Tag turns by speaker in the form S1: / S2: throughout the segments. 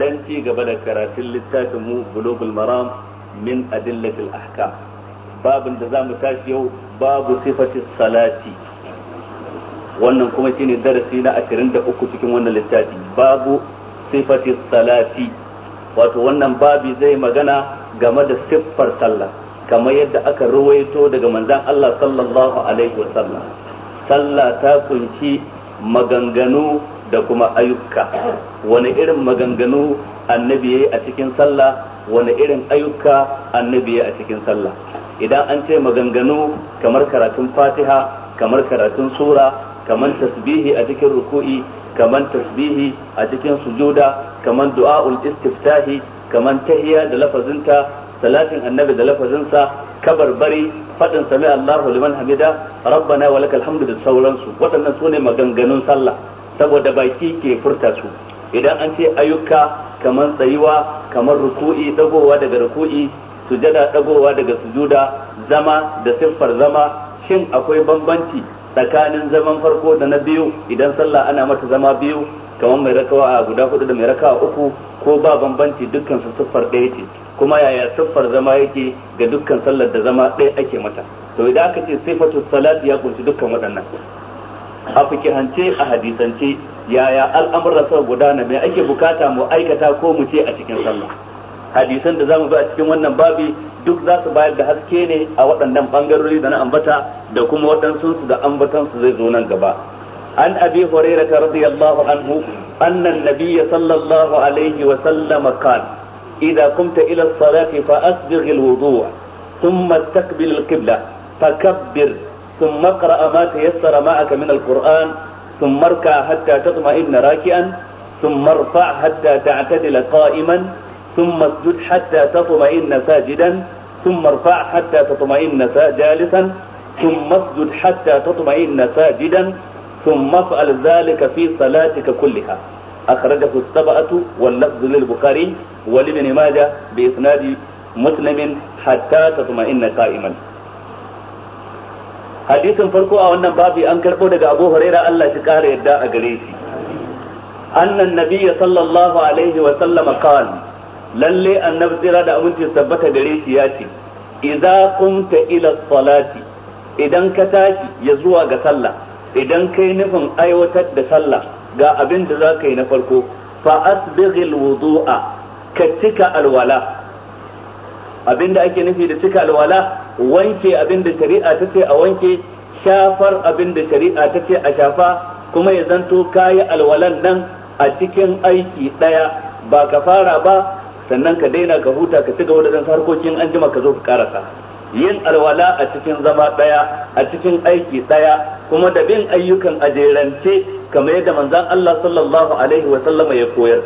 S1: dan ci gaba da karatun littafin mu bulugul maram min adillatil ahkam babin da zamu tashi yau babu sifatis salati wannan kuma shine darasi na 23 cikin wannan littafi babu sifatis salati wato wannan babi zai magana game da siffar sallah kamar yadda aka ruwaito daga manzon Allah sallallahu alaihi wasallam sallah ta kunshi maganganu da kuma ayyuka wani irin maganganu annabi yayi a cikin sallah wani irin ayyuka annabi yayi a cikin sallah idan an ce maganganu kamar karatun fatiha kamar karatun sura kamar tasbihi a cikin ruku'i kamar tasbihi a cikin sujuda kamar du'a'ul istiftahi kamar tahiya da lafazinta salatin annabi da lafazinsa kabarbari fadin sami Allahu liman hamida rabbana wa lakal hamdu da sauransu waɗannan sune maganganun sallah saboda baki ke furta su idan an ce ayyuka kamar tsayuwa kamar ruku'i dagowa daga ruku'i sujada dagowa daga sujuda zama da siffar zama shin akwai bambanci tsakanin zaman farko da na biyu idan sallah ana mata zama biyu kamar mai rakawa guda hudu da mai rakawa uku ko ba bambanci dukkan su siffar ɗaya ce kuma yaya siffar zama yake ga dukkan sallar da zama ɗaya ake mata to idan aka ce sifatu salat ya kunshi dukkan waɗannan a fikihance a hadisance yaya al'amuran suka gudana mai ake bukata mu aikata ko mu ce a cikin sallah hadisan da zamu bi a cikin wannan babi duk za su bayar da haske ne a waɗannan bangarori da na ambata da kuma waɗansu su da ambatan su zai zo nan gaba an abi hurairah radiyallahu anhu Annan, Nabiya, nabiy sallallahu alaihi wa sallam qala idza qumta ila as-salati fa asbigh al-wudu' thumma istaqbil al-qibla fakabbir ثم اقرأ ما تيسر معك من القرآن ثم اركع حتى تطمئن راكعا ثم ارفع حتى تعتدل قائما ثم اسجد حتى تطمئن ساجدا ثم ارفع حتى تطمئن جالسا ثم اسجد حتى تطمئن ساجدا ثم افعل ذلك في صلاتك كلها أخرجه السبعة واللفظ للبخاري ولابن ماجه بإسناد مسلم حتى تطمئن قائما hadisin farko a wannan babi an karɓo daga Abu Huraira Allah shi kare yadda a gare shi annan nabiyya sallallahu alaihi wa sallam qal lalle annabi tsira da aminci tabbata gare shi ya ce idza qumta ila salati idan ka tashi ya zuwa ga sallah idan kai nufin aiwatar da sallah ga abin da za yi na farko fa asbighil wudu'a ka cika alwala abinda ake nufi da cika alwala wanke abin da shari'a ta ce a wanke shafar abin da shari'a ta ce a shafa kuma ya zanto kayi alwalan nan a cikin aiki ɗaya ba ka fara ba sannan ka daina ka huta ka ci gaba da harkokin an jima ka zo ka karasa yin alwala a cikin zama ɗaya, a cikin aiki ɗaya, kuma da bin ayyukan ajerance kamar yadda manzon Allah sallallahu alaihi wa sallama ya koyar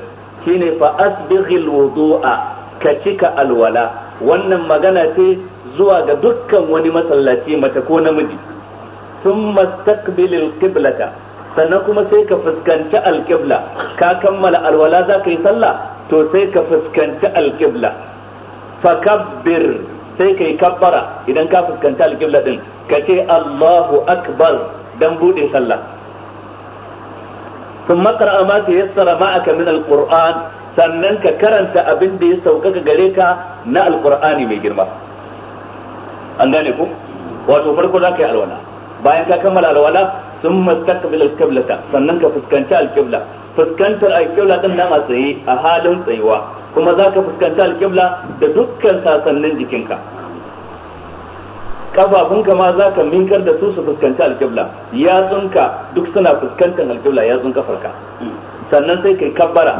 S1: shine fa asbighil wudu'a ka cika alwala wannan magana ce zuwa ga dukkan wani masallaci mace ko namiji sun mastaqbilil qiblata sannan kuma sai ka fuskanci alqibla ka kammala alwala za ka yi sallah to sai ka fuskanci alqibla fakabbir sai ka yi kabbara idan ka fuskanci alqibla din ka ce Allahu akbar dan buɗe sallah ثم اقرأ ما تيسر معك من القرآن sannan ka karanta abin da ya sauƙaƙa gare ka na alƙur'ani mai girma an gane ko wato farko za ka yi alwala bayan ka kammala alwala sun mastaqbil alqiblata sannan ka fuskanci alqibla fuskantar alqibla din nama tsaye a halin tsayuwa kuma za ka fuskanci alqibla da dukkan sasannin jikinka kafafunka ma za ka minkar da su su fuskanci alqibla yatsunka duk suna fuskantar alqibla yatsun kafarka sannan sai kai kabbara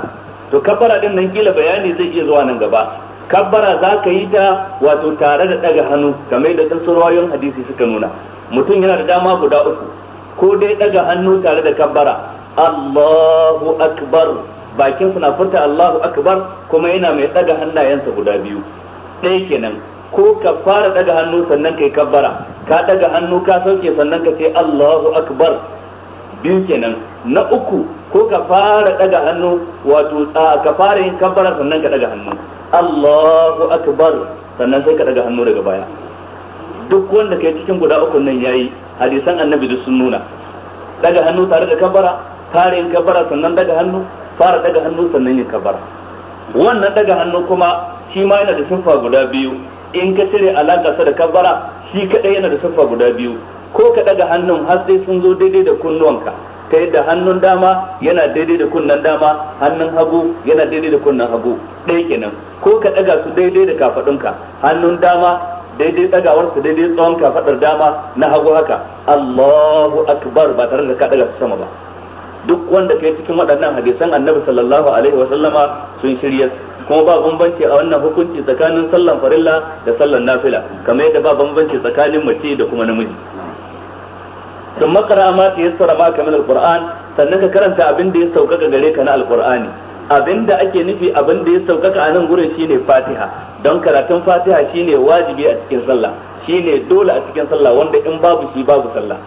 S1: to kabbara din nan kila bayani zai iya zuwa nan gaba kabbara za ka yi ta wato tare da daga hannu kamar da sun rawayoyin hadisi suka nuna mutum yana da dama guda uku ko dai daga hannu tare da kabbara Allahu akbar bakin suna furta Allahu akbar kuma yana mai daga hannayensa guda biyu ɗaya kenan ko ka fara daga hannu sannan kai kabbara ka daga hannu ka sauke sannan ka ce Allahu akbar biyu kenan na uku ko ka fara daga hannu wato ka fara yin kabbara sannan ka daga hannu Allahu akbar sannan sai ka daga hannu daga baya duk wanda kai cikin guda uku nan yayi hadisan annabi duk sun nuna daga hannu tare da kabara tare yin kabara sannan daga hannu fara daga hannu sannan yin kabara wannan daga hannu kuma shi ma yana da siffa guda biyu in ka cire alaka sa da kabara shi kadai yana da siffa guda biyu ko ka daga hannun har sai sun zo daidai da kunnuwanka ta yadda hannun dama yana daidai da kunnen dama hannun hagu yana daidai da kunnen hagu ɗaya kenan ko ka ɗaga su daidai da kafaɗunka hannun dama daidai ɗagawar su daidai tsawon kafaɗar dama na hagu haka Allahu akbar ba tare da ka ɗaga su sama ba duk wanda kai cikin waɗannan hadisan annabi sallallahu alaihi wa sallama sun shirya kuma ba bambanci a wannan hukunci tsakanin sallan farilla da sallan nafila kamar yadda ba bambanci tsakanin mace da kuma namiji sun makara ma ta yassara ma kamar alquran sannan ka karanta abin da ya saukaka gare ka na alqurani abin da ake nufi abin da ya saukaka a nan gurin shine fatiha don karatun fatiha shine wajibi a cikin sallah shine dole a cikin sallah wanda in babu shi babu sallah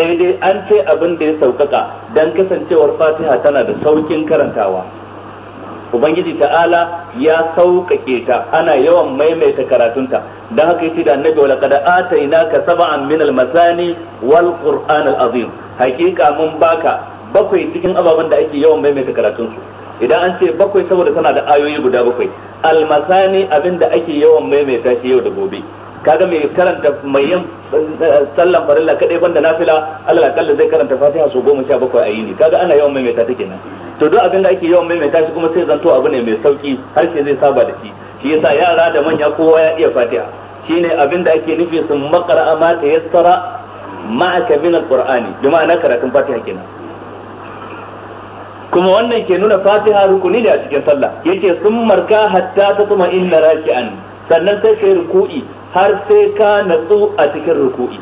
S1: sai dai an ce abin da ya saukaka don kasancewar fatiha tana da saukin karantawa ubangiji ta'ala ya sauƙaƙe ta ana yawan maimaita karatunta dan haka yace da annabi wala qad ka sab'an min al-masani wal qur'an al-azim hakika mun baka bakwai cikin ababen da ake yawan maimaita karatun su idan an ce bakwai saboda tana da ayoyi guda bakwai al-masani abinda ake yawan maimaita shi yau da gobe kaga mai karanta mai yin eh, sallan farilla kadai banda nafila Allah kalla zai karanta Fatiha su goma sha bakwai a yini kaga ana yawan maimaita ta kenan to duk abin ake yawan maimaita shi kuma sai zanto abu ne mai sauki har sai zai saba da shi shi yasa yara da manya kowa ya iya fatiha shine abin da ake nufi sun makara ma ta yassara ma'aka min alqur'ani bi ma'ana karatun fatiha kenan kuma wannan ke nuna fatiha rukuni ne a cikin sallah yake sun marka hatta ta tuma inna raki'an sannan sai sai ruku'i har sai ka natsu a cikin ruku'i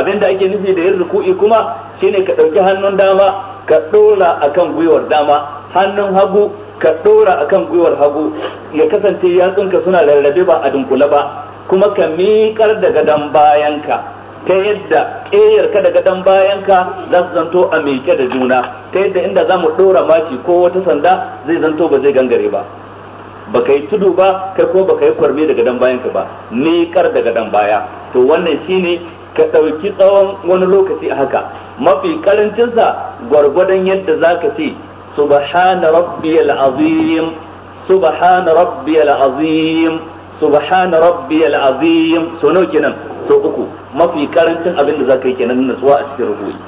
S1: abin da ake nufi da yin ruku'i kuma shine ka ɗauki hannun dama ka ɗora akan gwiwar dama hannun hagu ka ɗora a kan gwiwar hagu ya kasance yatsunka suna rarrabe ba a dunkule ba kuma ka miƙar da gadon bayanka ta yadda ƙeyarka da gadon bayanka za su zanto a miƙe da juna ta yadda inda za mu ɗora maki ko wata sanda zai zanto ba zai gangare ba ba ka yi tudu ba kai ko ka yi kwarme da gadon bayanka ba miƙar da gadon baya to wannan shine ka ɗauki tsawon wani lokaci a haka mafi ƙarancinsa gwargwadon yadda za ka ce subhana rabbiyal azim subhana rabbiyal azim subhana rabbiyal azim so nawa kenan so uku mafi karancin abin zaka yi kenan nutsuwa a cikin rubuci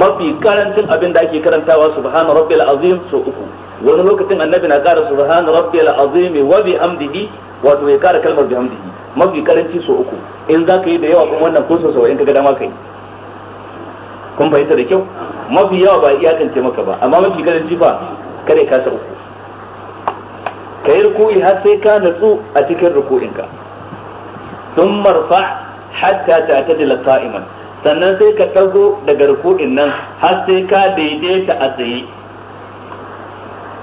S1: mafi karancin abin da ake karantawa subhana rabbiyal azim so uku wani lokacin annabi na kara subhana rabbiyal azim wa bihamdihi wato ya kara kalmar bihamdihi mafi karanci so uku in zaka yi da yawa kuma wannan ko so in kaga dama kai kun fahimta da kyau mafi yawa ba kan maka ba amma mafi karanci ba kare ka sa uku ka yi ruku'i har sai ka natsu a cikin ruku'inka sun marfa hatta ta ta dila qa'iman sannan sai ka ɗago daga ruku'in nan har sai ka daidaita a tsaye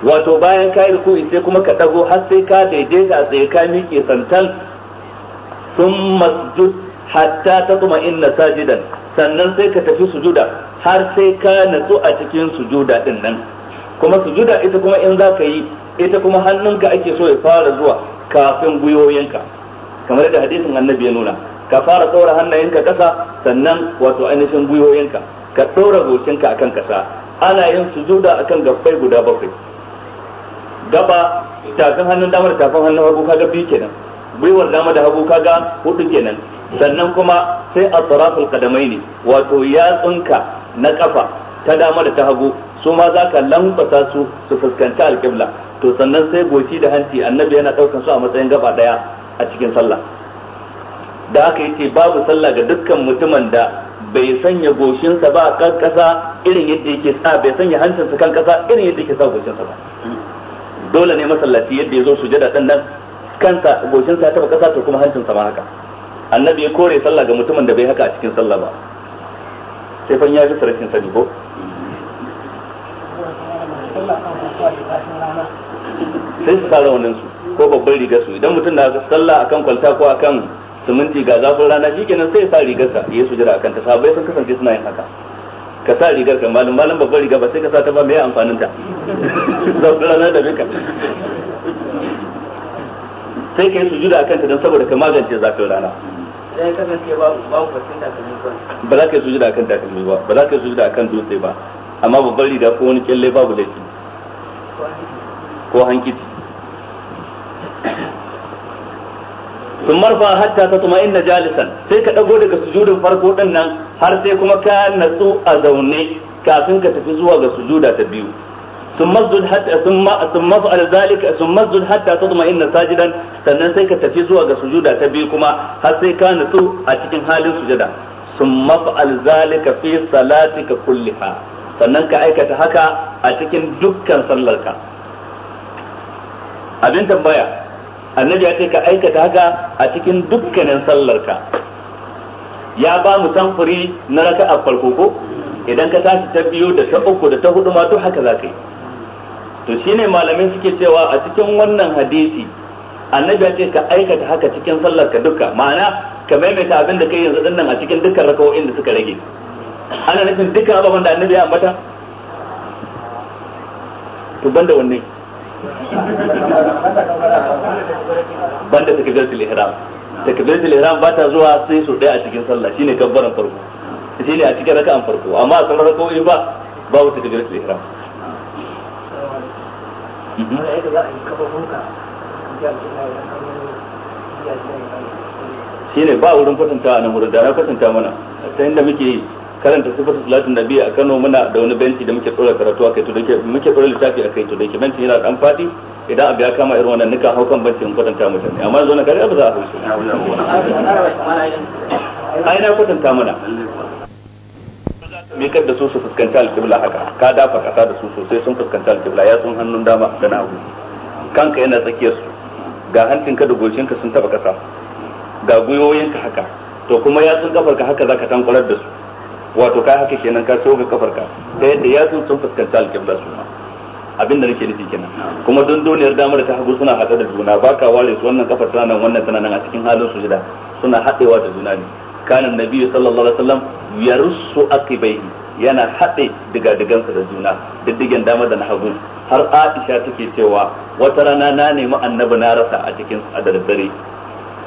S1: wato bayan ka yi ruku'i sai kuma ka ɗago har sai ka daidaita a tsaye ka miƙe santan sun masjud hatta ta kuma inna sajidan sannan sai ka tafi sujuda har sai ka natsu a cikin sujuda din nan kuma sujuda ita kuma in za ka yi ita kuma hannunka ake so ya fara zuwa kafin gwiwoyinka kamar da hadisin annabi ya nuna ka fara tsora hannayenka ƙasa sannan wato ainihin gwiwoyinka ka ɗora gocinka akan ƙasa ana yin sujuda akan gabbai guda bakwai gaba tafin hannun dama da tafin hannun hagu kaga biyu kenan gwiwar dama da hagu kaga hudu kenan sannan kuma sai a tsarafin kadamai ne wato yatsunka na kafa ta dama da ta hagu su ma za ka lambata su su fuskanci alƙibla to sannan sai goshi da hanci annabi yana ɗaukan su a matsayin gaba ɗaya a cikin sallah da aka yi ce babu sallah ga dukkan mutumin da bai sanya goshinsa ba kan ƙasa irin yadda yake sa bai sanya hancinsa kan ƙasa irin yadda yake sa goshinsa ba dole ne masallaci yadda ya zo sujada ɗin nan kansa goshinsa ya taɓa ƙasa to kuma hancinsa ma haka annabi ya kore sallah ga mutumin da bai haka a cikin sallah ba sai fa ya fi sarkin sani ko sai su tsara wannan su ko babban rigar su idan mutum na sallah akan kwalta ko akan suminti ga zafin rana shikenan sai rigar sa ya su jira akan ta sabai sun kasance suna yin haka ka sa rigar ka malam malam babban riga ba sai ka sa ta ba mai amfanin ta zafin rana da bika sai ka yi sujuda akan ta don saboda ka magance zafin rana idan ya kasance babu babu batun takalmi ba za ka yi sujuda akan takalmi ba ba za ka yi sujuda akan dutse ba amma babban riga ko wani kyalle babu laifi ko hankici sun marfa hatta ta tuma inna jalisan sai ka dago daga sujudin farko din har sai kuma ka natsu a zaune kafin ka tafi zuwa ga sujuda ta biyu ثم اسجد حتى ثم ثم افعل ذلك ثم اسجد حتى تطمئن ساجدا sannan sai ka tafi zuwa ga sujuda ta biyu kuma har sai ka nutsu a cikin halin sujada thumma fa'al zalika fi salatika kulliha sannan ka aikata haka a cikin dukkan sallarka abin tambaya annabi ya ce ka aikata haka a cikin dukkanin sallarka ya ba mu samfuri na raka'a farko ko idan ka tashi ta biyu da ta uku da ta hudu ma to haka za ka yi to shine malamin suke cewa a cikin wannan hadisi annabi ya ce ka aikata haka cikin sallar ka duka ma'ana ka maimaita abin da kai yanzu din nan a cikin dukkan raka'o'in da suka rage ana nufin dukkan abubuwan da annabi ya ambata to banda wannan banda takbiratul ihram takbiratul ihram ba ta zuwa sai su daya a cikin sallah shine kabbaran farko shine a cikin raka'an farko amma a sallar raka'o'i ba babu takbiratul ihram
S2: wani yi
S1: shi ne ba wurin kwatanta a nan wurin da na kwatanta mana ta inda muke karanta sifar salatin nabi a Kano muna da wani benci da muke tsora karatu akai to da ke muke tsora littafi akai to da ke benci yana dan fadi idan abu ya kama irin wannan nika haukan bencin kwatanta mutane amma zo na kare abu za a haushi ai na kwatanta mana mikar da su su fuskanci alƙibla haka ka dafa ƙasa da su sosai sun fuskanci alƙibla ya sun hannun dama da na hagu kanka yana tsakiyar su ga hancinka da goshinka sun taba ƙasa ga gwiwoyinka haka to kuma ya yatsun kafarka haka zaka tankwarar da su wato kai haka kenan ka soga kafarka ta yadda ya sun sun fuskanci alƙibla su ma abin da nake nufi kenan kuma don dunduniyar damar ta hagu suna haɗe da juna ba ka ware su wannan kafar tana nan wannan tana nan a cikin halin su shida suna haɗewa da juna ne kana nabi sallallahu alaihi wasallam yarussu aqibaihi yana haɗe digadigansa da juna diddigen dama da na hagu har Aisha take cewa wata rana na nemi annabi na rasa a cikin a daddare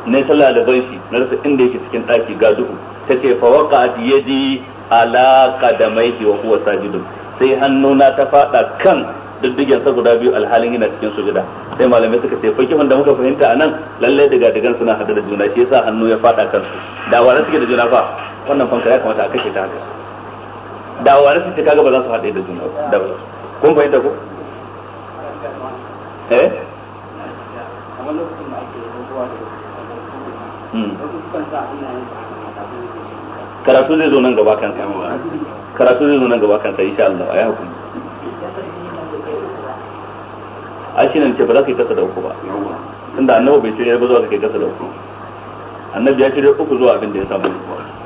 S1: ne sallah da banshi na rasa inda yake cikin ɗaki ga duhu tace fa waqa'at yadi ala qadamaihi wa huwa sajidun sai hannuna ta fada kan diddigen sa guda biyu alhalin yana cikin sujuda sai malamai suka ce fakihun da muka fahimta anan lalle daga dagan suna hada da juna shi yasa hannu ya fada kansu da wara suke da juna fa wannan fanka ya kamata a kashe ta haka da wara suke kaga ba za su hade da juna da ba kun fahimta ko eh
S2: hmm. karatu
S1: zai zo nan gaba kan sa karatu zai zo nan gaba kan sa insha Allah ayi hakuri ai shi ne ce ba za ka yi kasa da uku ba tunda annabi bai shirya ba zuwa ka kai kasa da uku annabi ya shirya uku zuwa abin da ya samu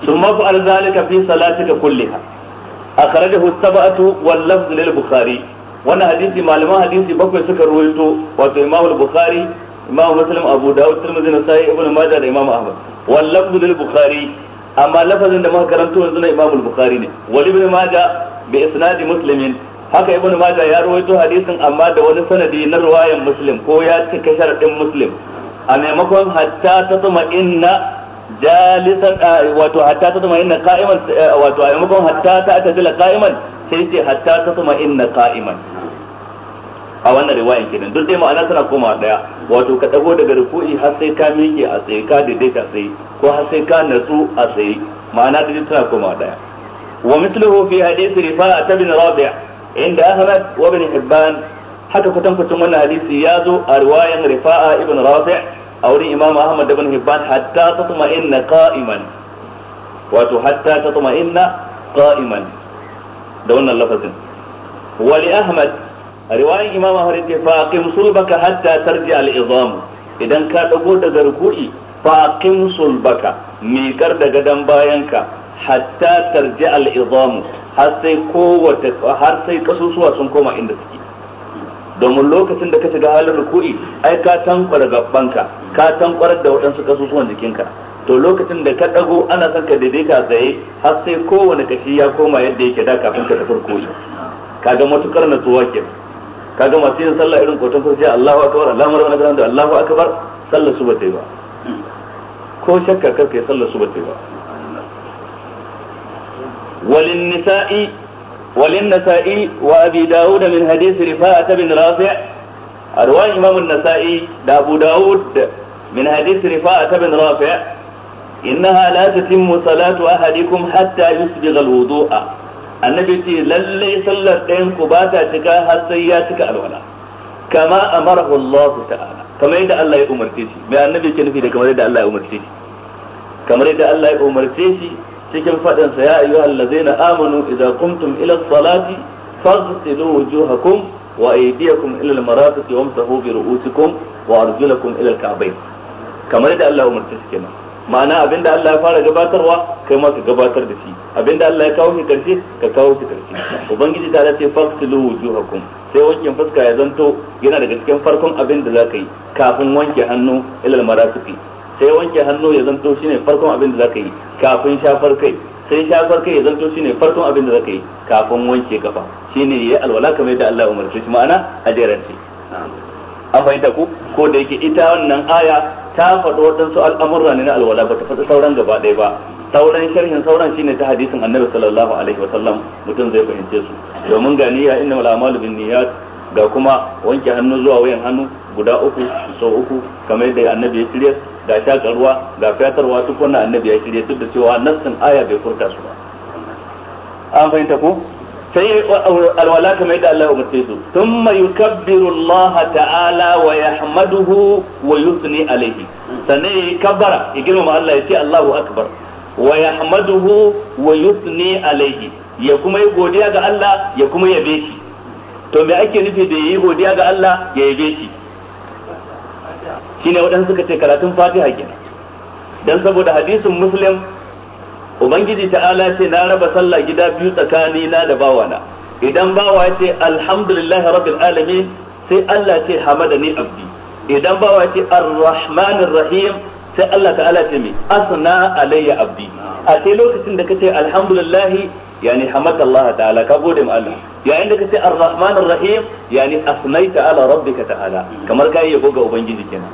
S1: ثم فعل ذلك في صلاتك كلها أخرجه السبعة واللفظ Bukhari. wannan hadisi malaman hadisi bakwai suka ruwaito wato Imam al-Bukhari Imam Muslim Abu Dawud Tirmidhi Nasa'i Ibn Majah da Imam Ahmad wal lafzu lil Bukhari amma lafazin da muka karanto yanzu na Imam al-Bukhari ne wal Ibn Majah bi isnadi muslimin haka ibnu majah ya rawaito hadisin amma da wani sanadi na riwayan muslim ko ya cika sharadin muslim a maimakon hatta ta tuma inna jalisan wato hatta ta tuma inna qa'iman wato a maimakon hatta ta atazila qa'iman sai ce hatta ta tuma inna qa'iman a wannan riwayan kenan duk dai ma'ana tana koma daya wato ka dago daga ruku'i har sai ka miƙe a tsaye ka daidaita tsaye ko har sai ka natsu a tsaye ma'ana duk tana koma daya wa mithluhu fi hadisi rifa'a bin rabi' inda Ahmad wa Ibn Hibban haka kwatankwacin wannan hadisi ya zo a riwayan Rifa'a ibn Rafi' a wurin Imam Ahmad da Ibn Hibban hatta tatma'inna qa'iman wato hatta tatma'inna qa'iman da wannan lafazin wa li Ahmad riwayan Imam Ahmad ce fa aqim sulbaka hatta tarji al-izam idan ka dago daga ruku'i fa aqim sulbaka mi kar daga gadon bayanka hatta tarji al'izamu har sai kowace har sai kasusuwa sun koma inda suke domin lokacin da ka shiga halin ruku'i ai ka tankwara gabanka ka tankwara da waɗansu kasusuwan jikinka to lokacin da ka ɗago ana son ka ka tsaye har sai kowane kashi ya koma yadda yake da kafin ka tafi ruku'i kaga matukar natsuwa ke kaga masu yin sallah irin kotun kurciya Allahu akbar Allahu akbar Allahu akbar sallar su ba ta yi ba ko shakka karka yi sallar su ba ta yi ba وللنساء وللنساء وأبي داود من حديث رفاعة بن رافع أروى إمام النسائي دا أبو داود من حديث رفاعة بن رافع إنها لا تتم صلاة أحدكم حتى يسبغ الوضوء النبي تي للي صلى ان كباتا تكا حسياتك الولا كما أمره الله تعالى كما يدى الله يأمر تيشي ما النبي كان في كما يدى الله يأمر تيشي كما يدى الله يأمر تيشي cikin faɗin sa ya ayyuha allazina amanu idza qumtum ila salati faghsilu wujuhakum wa aydiyakum ila al wamsahu bi ru'usikum wa arjulakum ila al-ka'bayn kamar da Allah umarta shi kenan ma'ana abinda Allah ya fara gabatarwa kai ma ka gabatar da shi abinda Allah ya kawo shi karshe ka kawo shi karshe ubangiji ta ce faghsilu wujuhakum sai wankin fuska ya zanto yana daga cikin farkon abin da zaka yi kafin wanke hannu ilal marafiki sai wanke hannu ya zanto shine farkon abin da zaka yi kafin shafar kai sai shafar kai ya zanto shine farkon abin da zaka yi kafin wanke kafa shine ya alwala kamar yadda Allah ya umarce shi ma'ana a an fahimta ku ko da yake ita wannan aya ta faɗo waɗansu al'amurra ne na alwala ba ta faɗi sauran gaba ɗaya ba sauran sharhin sauran shine ta hadisin annabi sallallahu alaihi wasallam mutum zai fahimce su domin ga niyya innamal a'malu niyyat ga kuma wanke hannu zuwa wayan hannu guda uku sau uku kamar yadda annabi ya shirya ga shakarwa ga fatarwa duk wannan annabi ya shirye duk da cewa nassin aya bai furta su ba an fahimta ko sai alwala kamar yadda Allah ya umarce su thumma yukabbiru Allah ta'ala wa yahmaduhu wa yusni alayhi sanai yayi kabbara ya girmama Allah ya ce Allahu akbar wa yahmaduhu wa yusni alayhi ya kuma yi godiya ga Allah ya kuma yabe shi to me ake nufi da yayi godiya ga Allah ya yabe shi shine waɗansu suka ce karatun fatiha kenan dan saboda hadisin muslim ubangiji ta'ala ce na raba sallah gida biyu tsakani na da bawana idan bawa ya ce alhamdulillah rabbil alamin sai Allah ce hamada hamadani abdi idan bawa ya ce arrahmanir rahim sai Allah ta'ala ce mai asna alayya abdi a sai lokacin da kace alhamdulillah yani hamada Allah ta'ala ka gode ma Allah yayin da kace arrahmanir rahim yani asnaita ala rabbika ta'ala kamar kai yabo ga ubangiji kenan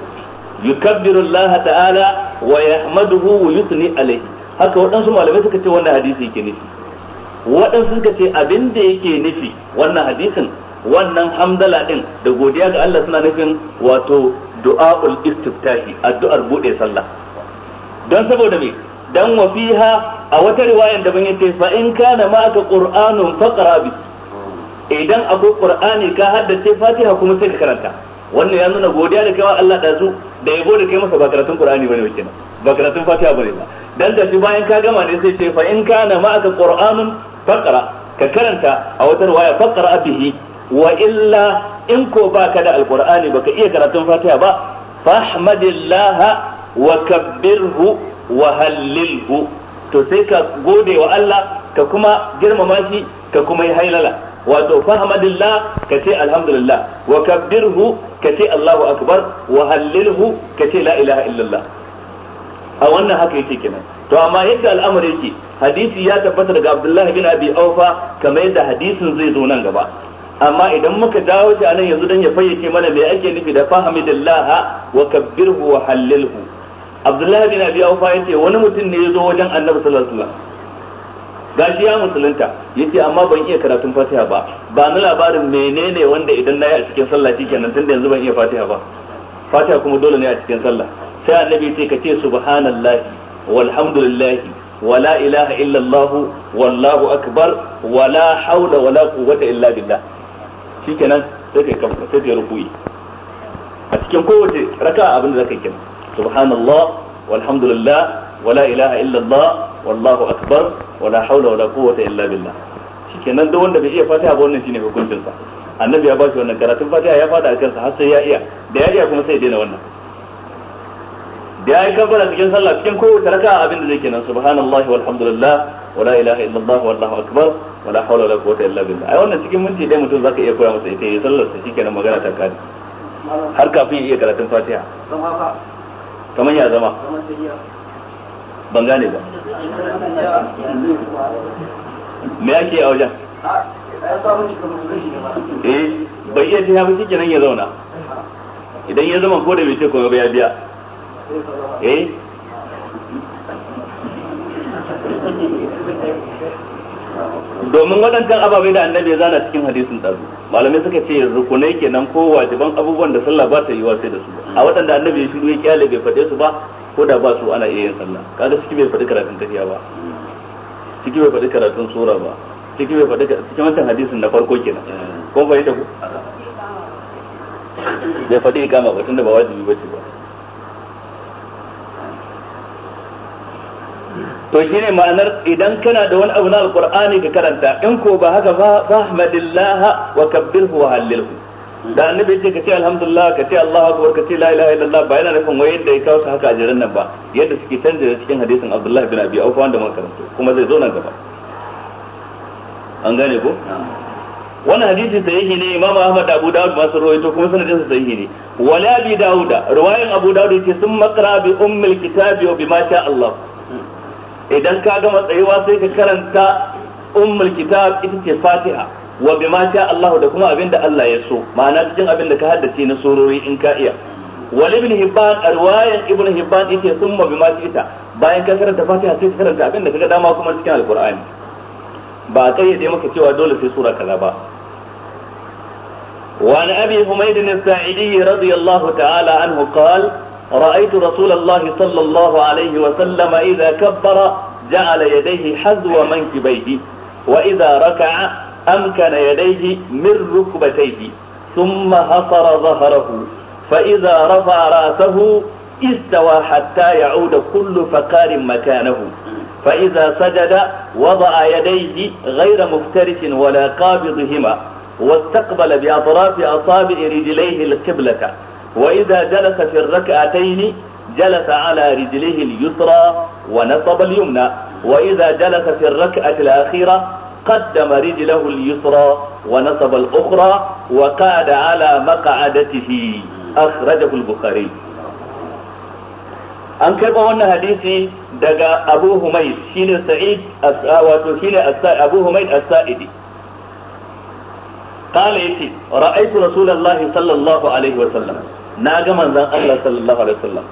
S1: yukabbiru Allah ta'ala wa yahmaduhu wa yuthni alayhi haka waɗansu malamai suka ce wannan hadisi yake nufi waɗansu suka ce abin da yake nufi wannan hadisin wannan hamdala din da godiya ga Allah suna nufin wato du'aul istiftahi addu'ar bude sallah don saboda me dan wa fiha a wata riwaya da ban yace fa in kana ma'aka qur'anun faqra bi idan akwai qur'ani ka haddace fatiha kuma sai ka karanta wannan ya nuna godiya da kaiwa Allah dazu da yabo da kai masa ba karatun qur'ani bane kenan ba karatun fatiha bane ba dan da shi bayan ka gama ne sai ce fa in kana ma'aka qur'anun faqra ka karanta a wata riwaya faqra bihi wa illa in ko baka da alqur'ani baka iya karatun fatiha ba fahmadillaha wa kabbirhu wa hallilhu to sai ka gode wa Allah ka kuma girmama shi ka kuma yi hailala wato fahmadillah ka ce alhamdulillah wa kabbirhu ka ce Allahu akbar wa hallilhu ka ce la ilaha illallah a wannan haka yake kenan to amma yadda al'amari yake hadisi ya tabbata daga Abdullahi bin Abi Aufa kamar yadda hadisin zai zo nan gaba amma idan muka dawo shi anan yanzu dan ya fayyace mana me ake nufi da fahmidillah wa kabbirhu wa hallilhu Abdullahi bin Abi Aufa yace wani mutum ne ya zo wajen Annabi sallallahu alaihi wasallam gashi ya musulunta yace amma ban iya karatun fatiha ba ba ni labarin menene wanda idan nayi a cikin sallah shikenan tunda yanzu ban iya fatiha ba fatiha kuma dole ne a cikin sallah sai annabi sai ka ce subhanallahi walhamdulillahi wala ilaha illallah wallahu akbar wala hawla wala quwwata illa billah shikenan sai kai kafa sai kai rukuyi a cikin kowace raka'a abin da zaka yi kenan subhanallah walhamdulillah wala ilaha illallah wallahu akbar wala haula wala quwwata illa billah shikenan duk wanda bai iya fatiha ba wannan shine hukuncin sa annabi ya ba shi wannan karatun fatiha ya fada a kansa har sai ya iya da ya iya kuma sai ya daina wannan da ya yi kabbara cikin sallah cikin kowace raka'a abin da zai kenan subhanallahi walhamdulillah wala ilaha illallah wallahu akbar wala hawla wala quwwata illa billah ai wannan cikin minti dai mutum zaka iya koya masa ita yayin sallar sa shikenan magana ta kare har kafin ya iya karatun fatiha kamar ya zama ban gane ba me ake a wajen eh bai iya biya ba kenan ya zauna idan ya zama ko da bai ce kuma ya biya eh domin waɗancan ababai da annabi ya zana cikin hadisin ɗazu malamai suka ce rukunai kenan ko wajiban abubuwan da sallah ba ta yi sai da su a waɗanda annabi ya shiru ya kyale bai faɗe su ba ko da ba su ana iya yin sallah kaga ciki bai faɗi karatun tafiya ba ciki bai faɗi karatun sura ba ciki bai faɗi cikin wancan hadisin na farko kenan ko bai ta ku bai faɗi ikama ba tunda ba wajibi ba ce ba to shine ma'anar idan kana da wani abu na alqur'ani ka karanta in ko ba haka ba fahmadillah wa kabbilhu wa hallilhu da annabi ya ce ka ce alhamdulillah ka ce Allahu akbar ka ce la ilaha illallah ba yana nufin wai yadda ya kawo su haka jiran nan ba yadda suke canja cikin hadisin Abdullah bin Abi Auf wanda muka karanto kuma zai zo nan gaba an gane ko wannan hadisi sahihi ne Imam Ahmad Abu Dawud masu sun rawaito kuma sanadin sa sahihi ne wala bi Dawud riwayan Abu Dawud yace sun makra bi ummul kitabi wa bima sha Allah idan ka gama tsayuwa sai ka karanta ummul kitab ita ce Fatiha wa bima sha Allah da kuma abin da Allah ya so ma'ana cikin abin da ka haddace na surori in ka iya wal ibn hibban arwayan ibn hibban yake summa bima ita bayan ka karanta fatiha sai ka karanta abin da kaga dama kuma cikin alqur'ani ba a kayyade maka cewa dole sai sura kaza ba وعن ابي حميد الساعدي رضي الله تعالى عنه قال رايت رسول الله صلى الله عليه وسلم اذا كبر جعل يديه حذو منكبيه واذا ركع أمكن يديه من ركبتيه ثم هصر ظهره فإذا رفع رأسه استوى حتى يعود كل فقار مكانه فإذا سجد وضع يديه غير مفترس ولا قابضهما واستقبل بأطراف أصابع رجليه القبلة وإذا جلس في الركعتين جلس على رجليه اليسرى ونصب اليمنى وإذا جلس في الركعة الأخيرة قدم رجله اليسرى ونصب الأخرى وقعد على مقعدته أخرجه البخاري an kai wannan hadisi daga Abu Humaid shine Sa'id wato shine Abu Humaid As-Sa'idi qala yati ra'aytu Rasulullahi sallallahu alaihi wa sallam naga manzon Allah sallallahu alaihi wa sallam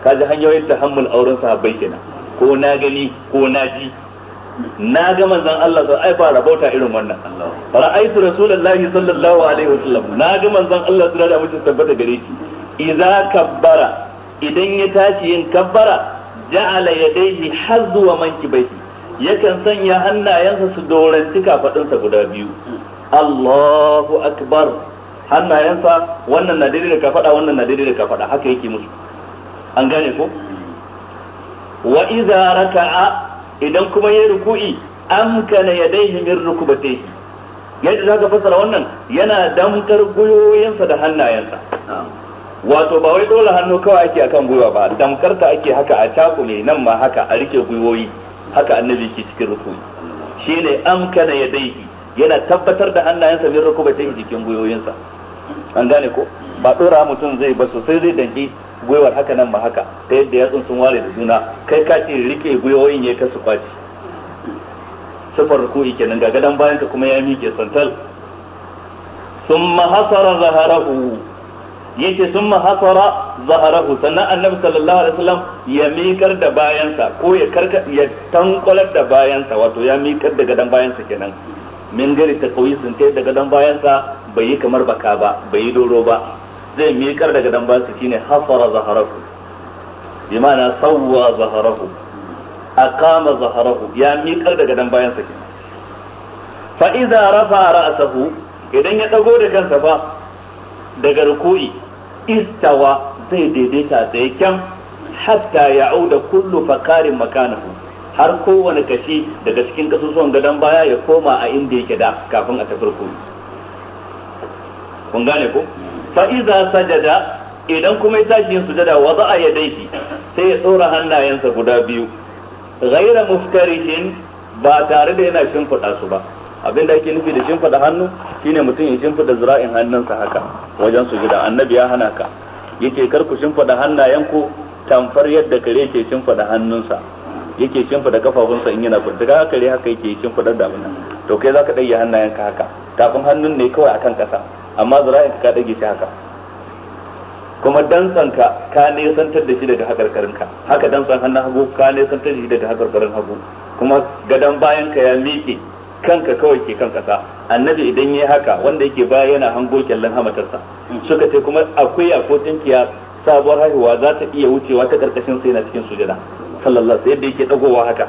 S1: kaji hanyoyin tahammul auren sahabbai kenan ko na gani ko na ji na ga manzon Allah sai ai ba rabauta irin wannan ra'aytu rasulullahi sallallahu alaihi wasallam na ga manzon Allah sai da mutum tabbata gare shi idza kabbara idan ya tashi yin kabbara ja'ala yadayhi hazzu wa mankibaihi yakan sanya hannayensa su doranci sa guda biyu Allahu akbar hannayensa wannan na daidai da kafada wannan na daidai da kafada haka yake musu an gane ko wa idza raka'a idan kuma ya ruku'i amkana yadayhi min rukubatayhi yadda zaka fassara wannan yana damkar guyoyinsa da hannayensa wato ba wai dole hannu kawai ake akan gwiwa ba damkar ta ake haka a takule nan ma haka a rike gwiwoyi haka annabi ke cikin ruku'i shine amkana yadayhi yana tabbatar da hannayensa min rukubatayhi jikin guyoyinsa an gane ko ba dora mutum zai ba sosai zai danki gwiwar haka nan ba haka ta yadda yatsun sun ware da juna kai ka ce rike gwiwoyin ya kasu kwaci sufar ruku'i kenan ga gadon bayan ka kuma ya mike santal sun mahasara zaharahu yace sun mahasara zaharahu sannan annabi sallallahu alaihi wasallam ya mikar da bayansa ko ya karka ya tankwalar da bayansa wato ya mikar da gadan bayansa kenan min gari ta kauyi sun ta da gadan bayansa bai yi kamar baka ba bai yi doro ba zai miƙar daga dan basu shine hafara zaharahu bi ma'ana sawwa zaharahu aqama zaharahu ya miƙar daga dan bayansa kenan fa idza rafa ra'sahu idan ya dago da kansa fa daga ruku'i istawa zai daidaita tsaye kyan hatta ya'uda kullu fakarin makanahu har kowane kashi daga cikin kasusuwan gadon baya ya koma a inda yake da kafin a tafi ruku'i kun gane ko fa iza sajada idan kuma ya tashi yin sujada wa za a yadaihi sai ya tsora hannayensa guda biyu ghaira muftarishin ba tare da yana shimfiɗa su ba abin da ake nufi da shimfida hannu shine mutum ya shimfiɗa zira'in hannunsa haka wajen sujada annabi ya hana ka yake kar ku hannayen hannayenku tamfar yadda kare ke shimfida hannunsa yake shimfida kafafunsa in yana kwanta kare haka yake shimfida da abin to kai zaka dage hannayenka haka tafin hannun ne kawai akan kasa amma zira'in ka ɗage shi haka kuma dantsanka ka nesantar da shi daga ka haka dantsan hannun hagu ka nesantar da shi daga haƙarƙarin hagu kuma gadon bayan ka ya miƙe kanka kawai ke kan kasa annabi idan yayi haka wanda yake baya yana hango kyallan hamatarsa suka ce kuma akwai akwai kiya sabuwar haihuwa za ta iya wucewa ta karkashin sai na cikin sujada sallallahu alaihi wasallam yadda yake dagowa haka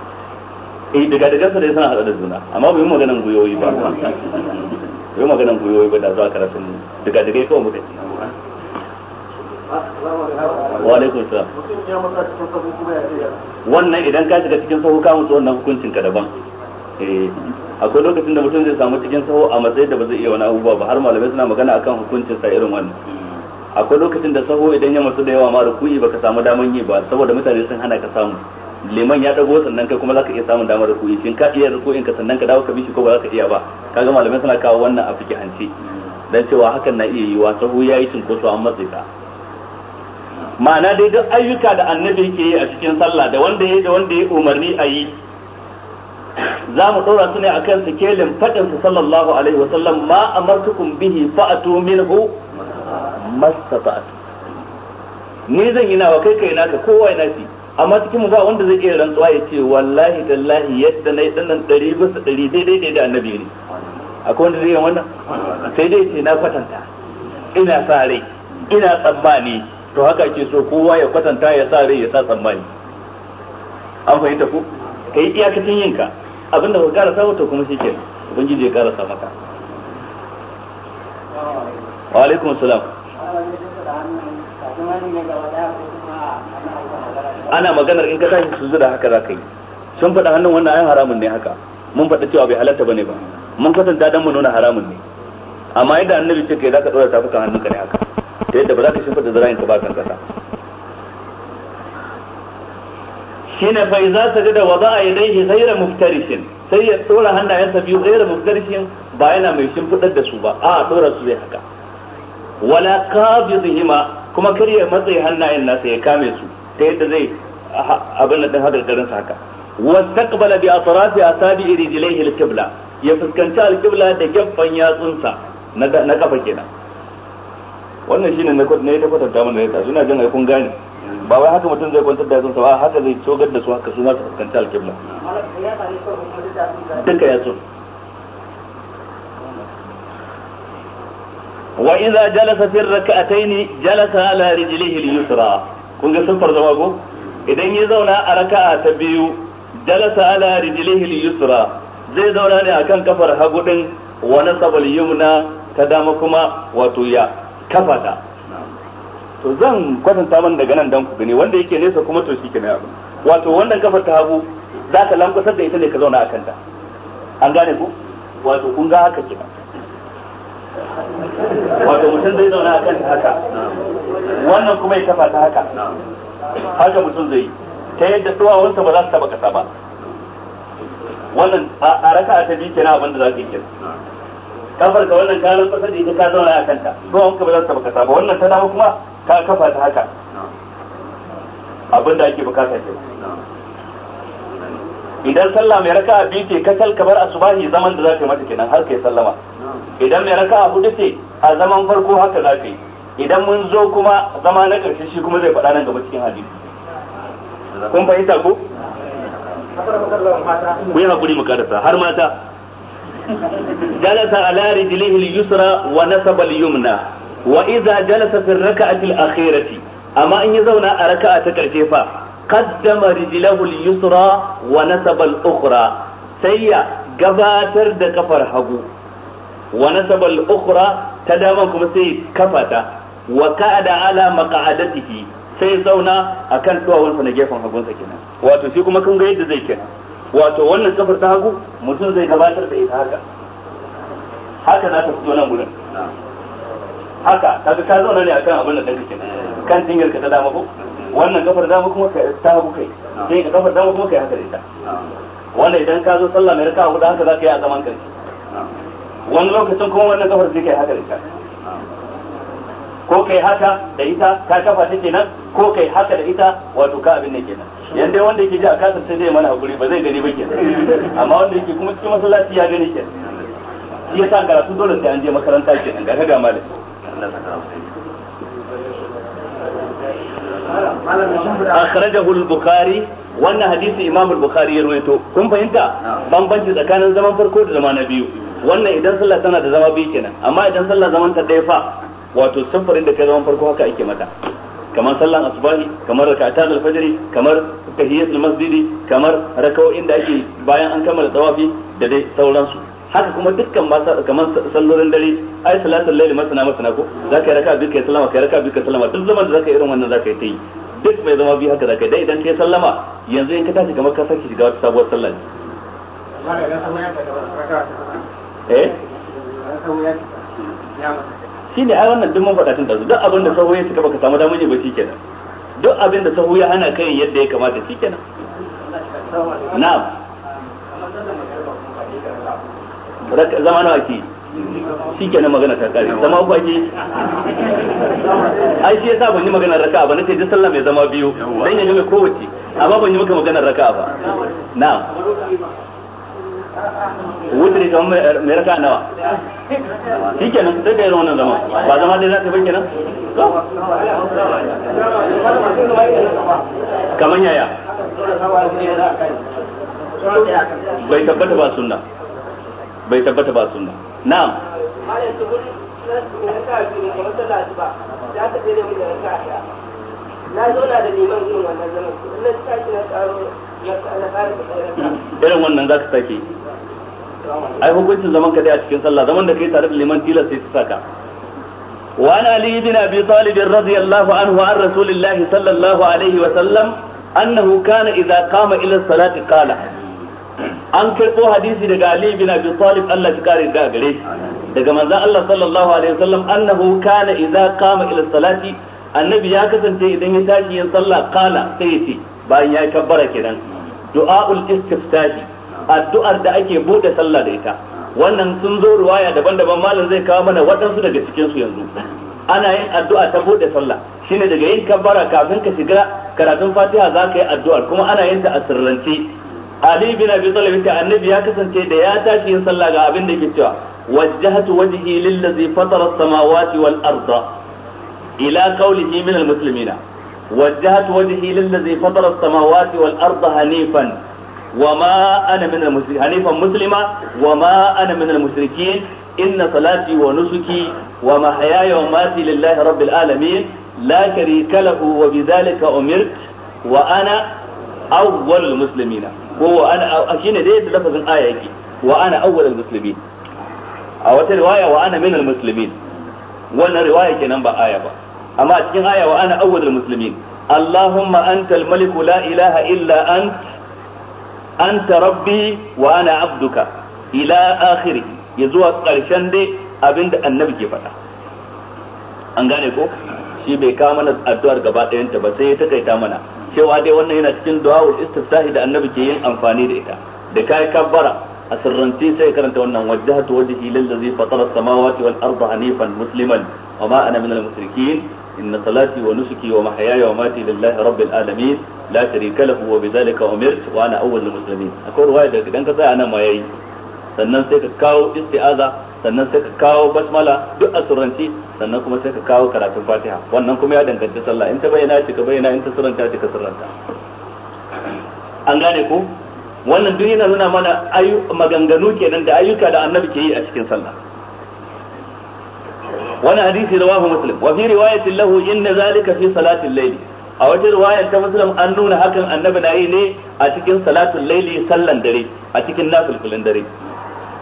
S1: eh daga daga sa dai suna hada da juna amma bai maganan guyoyi ba bai maganan guyoyi ba da zuwa karatun daga daga
S2: wa alaikum salam
S1: wannan idan ka shiga cikin sahu ka mutu wannan hukuncin ka daban eh akwai lokacin da mutum zai samu cikin sahu a matsayin da ba zai iya wani abubuwa ba har malamai suna magana akan hukuncin sa irin wannan akwai lokacin da sahu idan ya masu da yawa ma ba baka samu daman yi ba saboda mutane sun hana ka samu liman ya dago sannan kai kuma zaka iya samun damar rukuyi kin ka iya rukuyin ka sannan ka dawo ka bishi ko ba zaka iya ba kaga malamai suna kawo wannan a fiki hanci dan cewa hakan na iya yiwa sahu yayi cinkoso an matsayi ka ma'ana dai duk ayyuka da annabi yake yi a cikin sallah da wanda ya da wanda ya umarni a yi za mu tsora su ne a kan sikelin faɗin su sallallahu alaihi wa sallam ma amartukum bihi fa'atu minhu mastata'tu ni zan yi nawa kai kai naka kowa ya fi. amma cikin mu ba wanda zai iya rantsuwa ya ce wallahi tallahi yadda na yi dinnan ɗari bisa ɗari daidai ne da annabi ne akwai wanda zai yi wannan sai dai ce na kwatanta ina sa rai ina tsammani to haka ke so kowa ya kwatanta ya sa rai ya sa tsammani an fahimta ku kai iyakacin yinka abinda ka karasa to kuma shi kenan ubangiji ya karasa maka wa alaikum salam ana maganar in ka tashi sujuda haka za ka yi sun faɗa hannun wannan ayan haramun ne haka mun faɗa cewa bai halatta bane ba mun kwatanta dan mu nuna haramun ne amma yadda annabi ce kai zaka dora tafukan hannunka ne haka ta yadda ba za ka shimfa da yin ka ba kan kasa shine fa idza sajada wada'a yadayhi ghayra muftarishin sai ya tsora hannayensa biyu ghayra muftarishin ba yana mai shimfidar da su ba a tsora su zai haka wala qabidhihima kuma kariya matsayi hannayen nasa ya kame su ta yadda zai abin da din hadarkarin sa haka wastaqbala bi atrafi asabi'i rijlaihi al-qibla ya fuskanci al-qibla da gaffan yatsunsa na kafa kenan wannan shine na ne ta kwatanta mana ne suna jin ai kun gane ba wai haka mutum zai kwantar da yatsunsa ba haka zai cogar da su haka su ma su fuskanci qibla duka yatsun wa idza jalasa fi ar-rak'atayn jalasa ala rijlihi al-yusra kun ga sun zama ko idan ya zauna a raka'a ta biyu jalasa ala rijlihi yusra zai zauna ne akan kafar hagu din wa nasabal yumna ta dama kuma wato ya kafa ta to zan kwatanta man daga nan dan ku gani wanda yake nesa kuma to shi kenan wato wannan kafar ta hagu za ka lankwasar da ita ne ka zauna akan ta an gane ku wato kun ga haka kenan
S2: wato mutum zai zauna a kan haka wannan
S1: kuma ya kafa ta haka haka mutum zai ta yadda tsawawansa ba za su taba kasa ba wannan a raka a tabi kenan abinda za ka yi kafar ka wannan kanan kasa da ita ka zauna a kanta tsawawanka ba za su taba kasa ba wannan ta dama kuma ka kafa ta haka abinda da ake bukata kenan idan sallah mai a biyu ce ka salka bar subahi zaman da za ka yi mata kenan har kai sallama idan mai a hudu ce a zaman farko haka za ka yi idan mun zo kuma zama na ƙarshe shi kuma zai faɗa nan gaba cikin hadisi kun fahimta ko ku yi hakuri mu karasa har mata jalasa ala rijlihi al-yusra wa nasaba al-yumna wa idza jalasa fi ar-rak'ati al-akhirati amma in ya zauna a raka'a ta karshe fa qaddama rijlahu al-yusra wa nasaba al-ukhra sai ya gabatar da kafar hagu wa nasaba al-ukhra ta dama kuma sai kafata wa ka'ada ala maq'adatihi sai zauna akan duwawunsa na gefen hagunsa kenan wato shi kuma kun ga yadda zai kenan wato wannan kafar ta hagu mutum zai gabatar da ita haka haka za ta fito nan gurin haka kaga ka zauna ne akan abin da kake kenan kan jinyar ta dama ko wannan kafar dama kuma ka ta hagu kai sai ka kafar dama kuma kai haka da ita wanda idan ka zo sallah mai raka'a guda haka za ka yi a zaman kai wani lokacin kuma wannan kafar ka kai haka da ita ko kai haka da ita ka kafa ta kenan ko kai haka da ita wato ka abin ne kenan yanda wanda yake ji a kasar sai zai mana hakuri ba zai gani ba kenan amma wanda yake kuma cikin masallaci ya gani kenan shi yasa karatu dole sai an je makaranta kenan ga ga malam
S2: أخرجه
S1: البخاري bukhari wannan إمام البخاري يرويته bukhari ya من kun fahimta bambanci tsakanin zaman farko da zaman na biyu wannan idan sallah tana da zama biyu kenan amma idan sallah zaman ta ɗaya fa wato safarin da kai zaman farko كما ake mata kamar sallan asubahi kamar rak'atan al-fajr kamar tahiyatul masjidi kamar raka'o'in da bayan an da dai haka kuma dukkan ba kamar sallolin dare ai salatul layli masana masana ko zaka yi raka'a biyu kai sallama kai raka biyu kai sallama duk zaman da zaka yi irin wannan zaka yi ta yi duk mai zama biyu haka zaka dai idan kai sallama yanzu in ka tashi kamar ka saki shiga wata sabuwar sallah eh shi ne a wannan duk mun faɗa tun da duk abin da sahu ya cika baka samu damar yi ba kenan duk abin da sahu ya hana kai yadda ya kamata kenan na'am zama nawa ke shi nan magana ta kare zama uku ake ai shi yasa ban yi magana raka'a ba nace duk sallah mai zama biyu dan yanzu mai kowace amma ban yi maka maganar raka'a ba na wutri kamar mai raka'a nawa shi nan sai ka yi wannan zama ba zama dai za ta bai kenan kamar yaya bai tabbata ba sunna bai tabbata ba sunna na'am na irin wannan za ka sake ai hukuncin zaman ka a cikin sallah zaman da kai tare da liman tilas sai saka وعن علي بن ابي طالب رضي الله عنه عن رسول الله صلى الله عليه وسلم انه كان اذا قام الى الصلاه an karɓo hadisi daga Ali bin Abi Talib Allah ya kare da gare shi daga manzon Allah sallallahu alaihi wasallam annahu kana idza qama ila salati annabi ya kasance idan ya tashi ya sallah kala sai ce bayan ya kabbara kenan du'aul istiftahi addu'ar da ake bude sallah da ita wannan sun zo ruwaya daban-daban malam zai kawo mana waɗansu daga cikin su yanzu ana yin addu'a ta bude sallah shine daga yin kabbara kafin ka shiga karatun Fatiha za ka yi addu'ar kuma ana yin ta a sirrance Ali bin Abi Talib annabi ya kasance da ya tashi yin sallah ga abin da yake cewa wajjahtu wajhi lillazi fatara as-samawati wal arda ila qawlihi min al-muslimina wajjahtu wajhi lillazi fatara as-samawati wal arda hanifan وما أنا من المشركين حنيفا مسلما وما أنا من المشركين إن صلاتي ونسكي ومحياي وماتي لله رب العالمين لا شريك له وبذلك أمرت وأنا أول المسلمين ko wa ana shine dai da lafazin aya yake wa ana awwalul muslimin a wata riwaya wa ana minal muslimin wannan riwaya ke nan ba aya ba amma a cikin aya wa ana awwalul muslimin allahumma antal malik la ilaha illa ant anta rabbi wa ana abduka ila akhirih ya zuwa karshen dai abinda annabi ke faɗa an gane ko shi bai kawo mana addu'ar gaba ta ba sai ya takaita mana cewa dai wannan yana cikin du'a'ul istiftahi da annabi ke yin amfani da ita da kai kabbara a sirrance sai karanta wannan wajjahtu wajhi lillazi fatara samawati wal arda hanifan musliman wa ma ana minal mushrikin inna salati wa nusuki wa mahyaya wa mati lillahi rabbil alamin la sharika lahu wa bidhalika umirtu wa ana awwalul muslimin akwai riwaya da dan ka tsaya anan ma yayi sannan sai ka kawo isti'aza sannan sai ka kawo basmala duk a suranci sannan kuma sai ka kawo karatun fatiha wannan kuma ya danganci sallah in ta bayyana ce ka bayyana in ta suranta ce ka suranta an gane ku wannan duk yana nuna mana maganganu kenan da ayyuka da annabi ke yi a cikin sallah wani hadisi rawahu muslim wa fi riwayatin lahu inna zalika fi salatil layl a wata riwayar ta muslim an nuna hakan annabi na yi ne a cikin salatul layli sallan dare a cikin kullun dare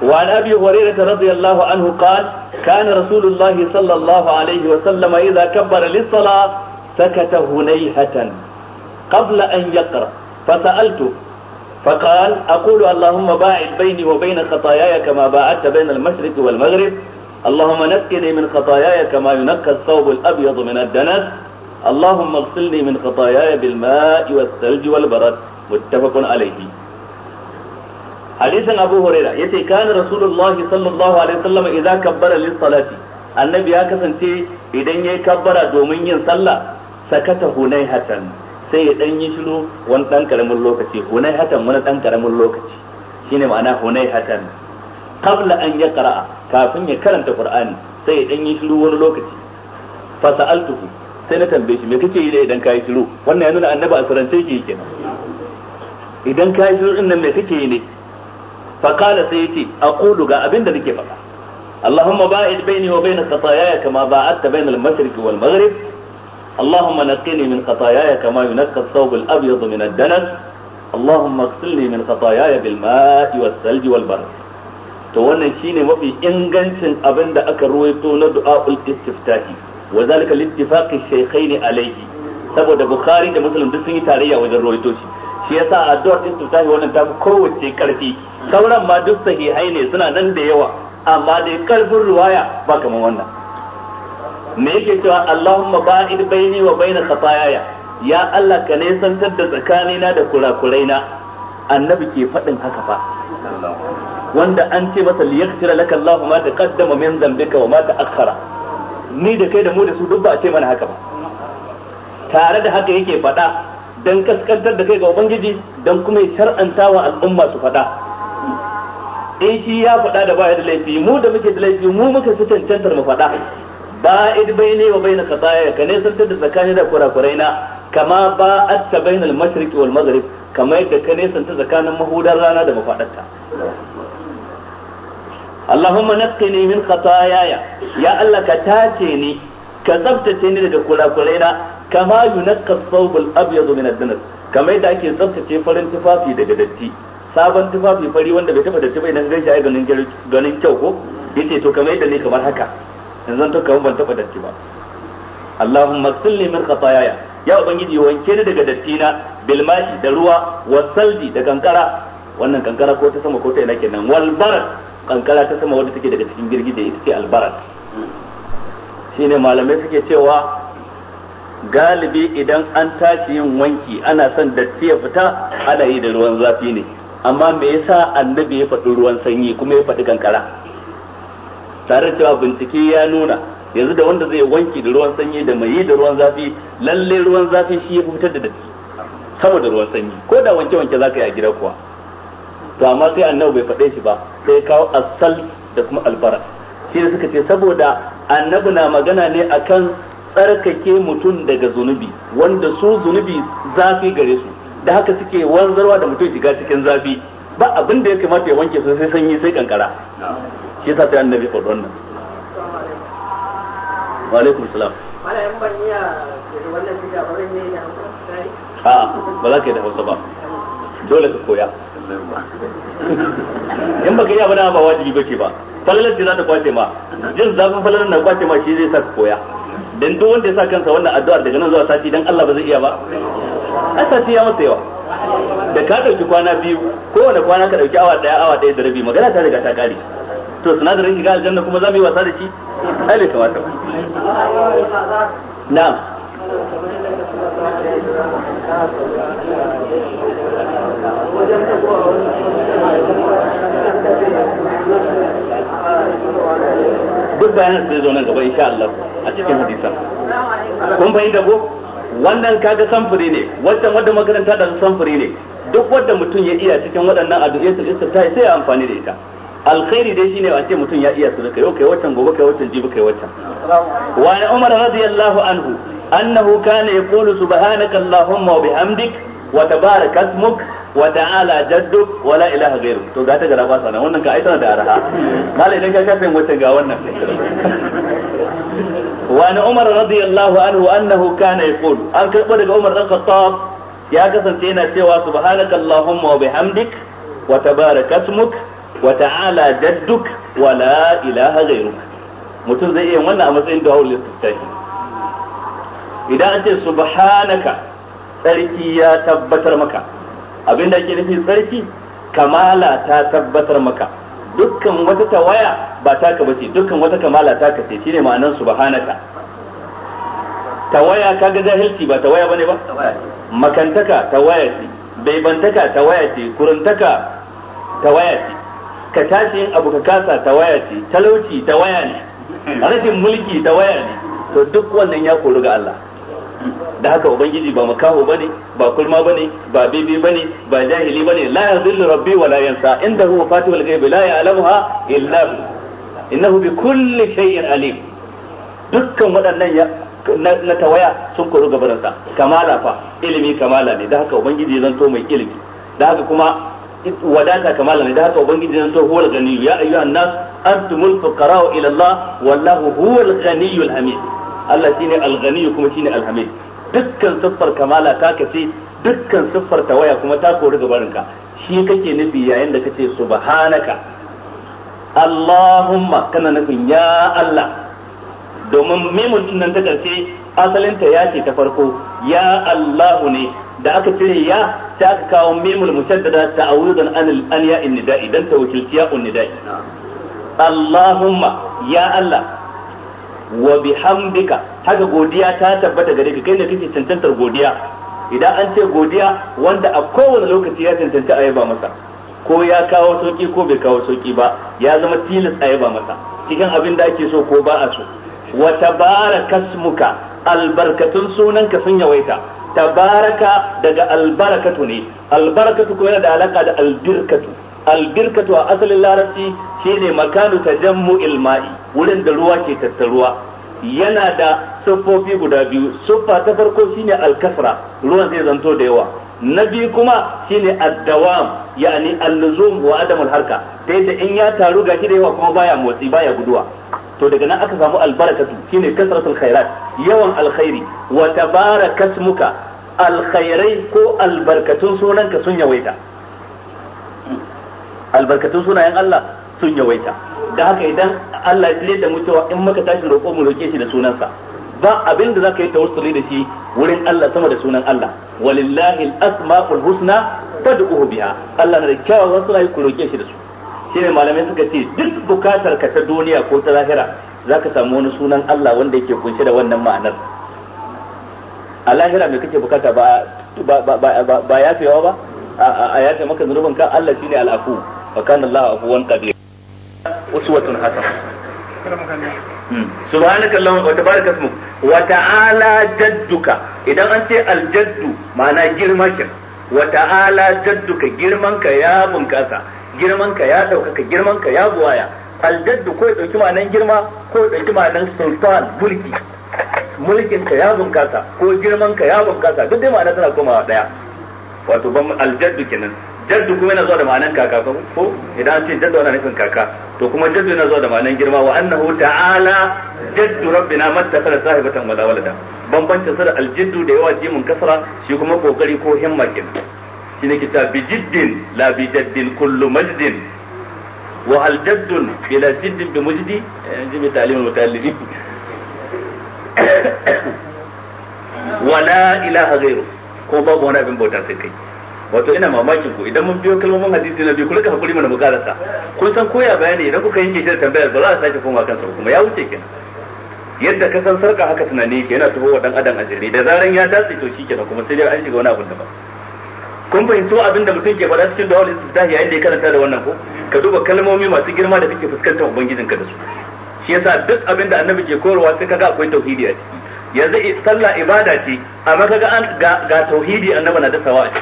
S1: وعن ابي هريره رضي الله عنه قال كان رسول الله صلى الله عليه وسلم اذا كبر للصلاه سكت هنيهه قبل ان يقرا فسالته فقال اقول اللهم باعد بيني وبين خطاياي كما باعدت بين المشرق والمغرب اللهم نقني من خطاياي كما ينقى الثوب الابيض من الدنس اللهم اغسلني من خطاياي بالماء والثلج والبرد متفق عليه hadisin Abu Huraira yace kana Rasulullah sallallahu alaihi wasallam idan kabbara lis salati annabi ya kasance idan yayi kabbara domin yin sallah sakata hunai hatan sai ya dan yi shiru wani dan karamin lokaci hunai hatan wani dan karamin lokaci shine ma'ana hunai hatan. qabla an yaqra kafin ya karanta Qur'ani sai ya dan yi shiru wani lokaci fa sa'altuhu sai na tambaye shi me kake yi idan kai shiru wannan yana nuna annabi a sarance yake
S2: kenan
S1: idan kai shiru din nan me kake yi ne fakala sai yace aqulu ga abin da nake faɗa اللهم باعد بيني وبين خطاياي كما باعدت بين المشرق والمغرب اللهم نقني من خطاياي كما ينقى الثوب الابيض من الدنس اللهم اغسلني من خطاياي بالماء والثلج والبرد to wannan shine mafi ingancin abin da aka ruwaito na du'a'ul istiftahi wa zalika ne shaykhaini alayhi saboda bukhari da muslim duk sun yi tarayya wajen ruwaito shi shi yasa addu'ar istitahi wannan tafi kowace karfi sauran ma duk sahihai ne suna nan da yawa amma da karfin ruwaya ba kamar wannan me yake cewa Allahumma ba'id baini wa baina khataaya ya Allah ka nisantar da tsakanina da kurakuraina annabi ke faɗin haka fa wanda an ce masa liyaghfira laka Allahu ma taqaddama min dhanbika wa ma ta'akhkhara ni da kai da mu da su duk ba a ce mana haka ba tare da haka yake faɗa dan kaskantar da kai ga ubangiji dan kuma ya shar'anta wa al'umma su faɗa in shi ya faɗa da baya da laifi mu da muke da laifi mu muka fi cancantar mu faɗa id bayni wa bayna qadaya ka ne santar da tsakanin da kurakurai na kama at ta al mashriq wal maghrib kama yadda ka ne santar zakanin mahudar rana da mafadarta Allahumma naqqini min khataaya ya Allah ka tace ni ka tsabtace ni daga kurakurai na kama yunakka abu ya min ad-dunas kamar yadda ake tsaftace farin tufafi daga datti sabon tufafi fari wanda bai taba datti bai nan gaisha ai ganin kyau ko yace to kamar yadda ne kamar haka yanzu to kamar ban taba datti ba Allahumma silni min khataaya ya ubangiji yawan ni daga datti na bil ma'i da ruwa wa salji da kankara wannan kankara ko ta sama ko ta ina kenan wal barat kankara ta sama wadda take daga cikin girgije ita ce al barat shine malamai suke cewa galibi idan an tashi yin wanki ana son datti ya fita ana yi da ruwan zafi ne amma me yasa annabi ya faɗi ruwan sanyi kuma ya faɗi kankara tare cewa bincike ya nuna yanzu da wanda zai wanki da ruwan sanyi da mai yi da ruwan zafi lalle ruwan zafi shi ya fitar da datti saboda ruwan sanyi ko da wanke wanke zaka yi a gida kuwa to amma sai annabi bai faɗe shi ba sai kawo asal da kuma albara shi da suka ce saboda annabi na magana ne akan tsarkake mutum daga zunubi wanda su zunubi zafi gare su da haka suke wanzarwa da mutum shiga cikin zafi ba abin da ya kamata ya wanke su sai sanyi sai kankara shi yasa sai annabi faɗi wannan wa alaikum salam a ba za ka yi da hausa ba dole ka koya in baka iya ba na ba wajibi bace ba falalar ce za ta kwace ma jin zafin falalar na kwace ma shi zai sa ka koya dan duk wanda ya sa kansa wannan addu'ar daga nan zuwa sati dan Allah ba zai iya ba a sati ya masa yawa da ka dauki kwana biyu ko wanda kwana ka dauki awa daya awa daya da rabi magana ta riga ta kare to sinadarin shiga aljanna kuma za mu yi wasa da shi ai bai kamata na'am wajen duk bayan sai zo nan gaba insha Allah a cikin hadisan kun fahimta ko wannan kaga samfuri ne wannan wanda makaranta da samfuri ne duk wanda mutum ya iya cikin waɗannan addu'atul ta sai ya amfani da ita alkhairi dai shine a ce mutum ya iya su da kai kai wancan gobe kai wancan jibi kai wancan wa an umar radiyallahu anhu annahu kana yaqulu subhanaka allahumma wa bihamdik wa tabarakasmuk ismuk wa ta'ala jaddu wa la ilaha ghairu to ga ta gara ba sana wannan ka aitana da araha mala idan ka kafe wacce ga wannan wa an umar radiyallahu anhu annahu kana yaqul an karbo daga umar dan khattab ya kasance yana cewa subhanaka allahumma wa bihamdik wa tabaraka ismuk wa ta'ala jadduk wa la ilaha ghairuk mutum zai iya wannan a matsayin da hawli tsaki idan an ce subhanaka sarki ya tabbatar maka abinda ake nufi tsarki kamala ta tabbatar maka dukkan wata tawaya ba ka bace dukkan wata kamala ka ce shine ma'anar subhanaka tawaya kaga jahilci ba tawaya bane ba makantaka tawaya ce baibantaka tawaya ce kuruntaka tawaya ce ka tashi yin abu ka kasa tawaya ce talauci tawaya ne rashin mulki tawaya ne to duk wannan ya kori ga Allah da haka ubangiji ba makaho bane ba kulma bane ba bibi bane ba jahili bane la yadhillu rabbi wa la yansa Inda huwa indahu al ghaibi la ya'lamuha illa hu innahu bi kulli shay'in alim dukkan waɗannan ya na tawaya sun kuru gabarinsa kamala fa ilimi kamala ne da haka ubangiji zan to mai ilimi da haka kuma wadata kamala ne da haka ubangiji zan to huwal ganiyu ya ayyuhan nas antumul fuqara ila allah wallahu huwal ghaniyul hamid Allah shine al-ghani kuma shine al-hamid dukkan siffar kamala ta kace dukkan siffar tawaya kuma ta kori ka shi kake nufi yayin da kace subhanaka Allahumma kana nufin ya Allah domin mimun nan ta karshe asalinta ya ce ta farko ya Allahu ne da aka cire ya ta aka kawo memul musaddada ta'awudan an al-anya in nida'i dan ta wakilci ya nida'i Allahumma ya Allah wa bihamdika haka godiya ta tabbata gare ka kai ne kake cancantar godiya idan an ce godiya wanda a kowane lokaci ya cancanta a yaba masa ko ya kawo sauki ko bai kawo sauki ba ya zama tilas a yaba masa cikin abin da ake so ko ba a so wa tabaraka smuka albarkatun sunanka sun yawaita tabaraka daga albarakatu ne albarakatu ko yana da alaka da albirkatu albirkatu a asalin larabci shine makanu tajammu'il ilma'i wurin da ruwa ke tattaruwa yana da siffofi guda biyu siffa ta farko shine alkasra ruwan zai zanto da yawa na biyu kuma shine addawam yani alluzum wa adamul harka ta yadda in ya taru gashi da yawa kuma baya motsi baya guduwa to daga nan aka samu albarakatu shine kasratul khairat yawan alkhairi wa tabarakasmuka alkhairai ko albarkatun sunanka sun yawaita albarkatun sunayen Allah sun yawaita da haka idan Allah ya da mu cewa in muka tashi roƙo mu roƙe shi da sunansa ba abin da zaka yi tawassuli da shi wurin Allah sama da sunan Allah walillahi al-asmaul husna fad'uhu biha Allah na da kyawawan sunaye ku roƙe shi da su ne malamai suka ce duk bukatar ka ta duniya ko ta lahira zaka samu wani sunan Allah wanda yake kunshe da wannan ma'anar a lahira me kake bukata ba ba ba ba, ba, ba ba a yace maka zunuban ka Allah shine al'afu wa kana Allah afuwan qadir uswatun hasan hmm. subhanaka allahumma wa tabaraka ismuk wa ta'ala jadduka idan an ce al jaddu ma'ana girmakin, wa ta'ala jadduka girman ka ya bunkasa girman ka ya daukaka girman ka ya buwaya al jaddu ko dauki ma'anan girma ko dauki ma'anan sultan mulki mulkin ka ya bunkasa ko girman ka ya bunkasa duk dai ma'ana tana komawa daya wato ban aljaddu kenan jaddu kuma yana zuwa da ma'anan kaka ko idan an ce jaddu ana nufin kaka to kuma jaddu yana zuwa da ma'anan girma wa annahu ta'ala jaddu rabbina mattakhara sahibatan wala walada bambancin sa da aljaddu da yawa jimin kasra shi kuma kokari ko himma kenan shi ne kita bi jiddin la bi jaddin kullu majdin wa aljaddu jaddun bila jiddin bi mujdi eh, jimi talimul mutallibi wala ilaha ghayruhu ko babu wani abin bauta sai kai wato ina mamakin ku idan mun biyo kalmomin hadisi na biyu ku rika hakuri mana mu kun san koya bayani idan kuka yanke shi da tambayar ba za a sake koma kansa kuma ya wuce kenan yadda ka san sarka haka tunani ke yana taho wa dan adam a jere da zaran ya dace to shi kenan kuma sai dai an shiga wani abin daban kun fahimci abin da mutum ke faɗa cikin dawal istiftahi yayin da ya karanta da wannan ko ka duba kalmomi masu girma da kake fuskantar ubangijinka da su shi yasa duk abin da annabi ke koyarwa sai kaga akwai tauhidi a ciki yanzu sallah ibada ce amma kaga an ga tauhidi annabi na dasawa a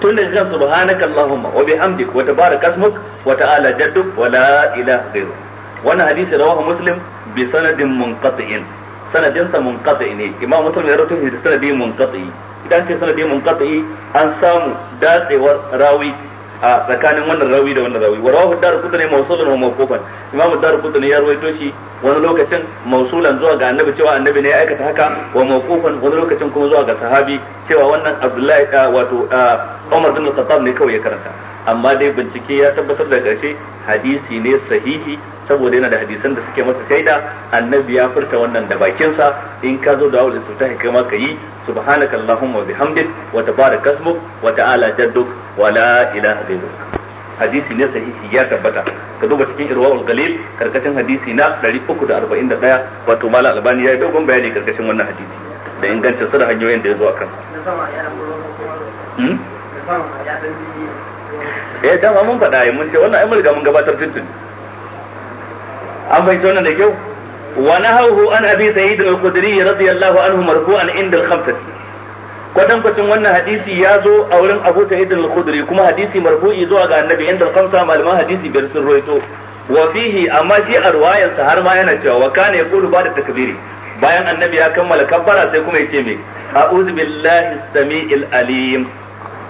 S1: tun da jin subhanaka allahumma wa bihamdik wa tabarakasmuk wa ta'ala jadduk wa la ilaha ghayru wannan hadisi rawahu muslim bi sanadin munqati'in sanadin sa munqati ne imam muslim ya rawaito shi da sanadin munqati idan ce sanadin munqati an samu datsewar rawi a tsakanin wannan rawi da wannan rawi warawahu darqutni mausulun wa mawqufan imam darqutni ya rawaito shi wani lokacin mawsulan zuwa ga annabi cewa annabi ne ya aikata haka wa mawqufan wani lokacin kuma zuwa ga sahabi cewa wannan abdullahi wato umar bin al-khattab ne kawai ya karanta amma dai bincike ya tabbatar da ƙarshe hadisi ne sahihi saboda yana da hadisan da suke masa shaida annabi ya furta wannan da bakinsa in ka zo da awul su kai ma ka yi subhanaka allahumma bihamdik wa tabarak ismuk wa ta'ala jadduk wa la ilaha illa hadisi ne sahihi ya tabbata ka duba cikin irwaul galil karkashin hadisi na 341 wato mala albani ya yi dogon bayani karkashin wannan hadisi da ingancin sa da hanyoyin da ya zo akan ya eh, dama mun faɗa mun ce wannan ai mun mun gabatar tuntun an bai wannan da kyau wa nahahu an abi sayyid al qudri radiyallahu anhu marfu'an inda al-khamsah kwadan kwacin wannan hadisi ya zo a wurin Abu sayyid al qudri kuma hadisi marfu'i zuwa ga Annabi inda al-khamsa malaman hadisi biyar sun roito wa fihi amma shi a sa har ma yana cewa wa kana yaqulu ba da takbiri bayan annabi ya kammala kabbara sai kuma yace me a'udhu billahi as-sami'il alim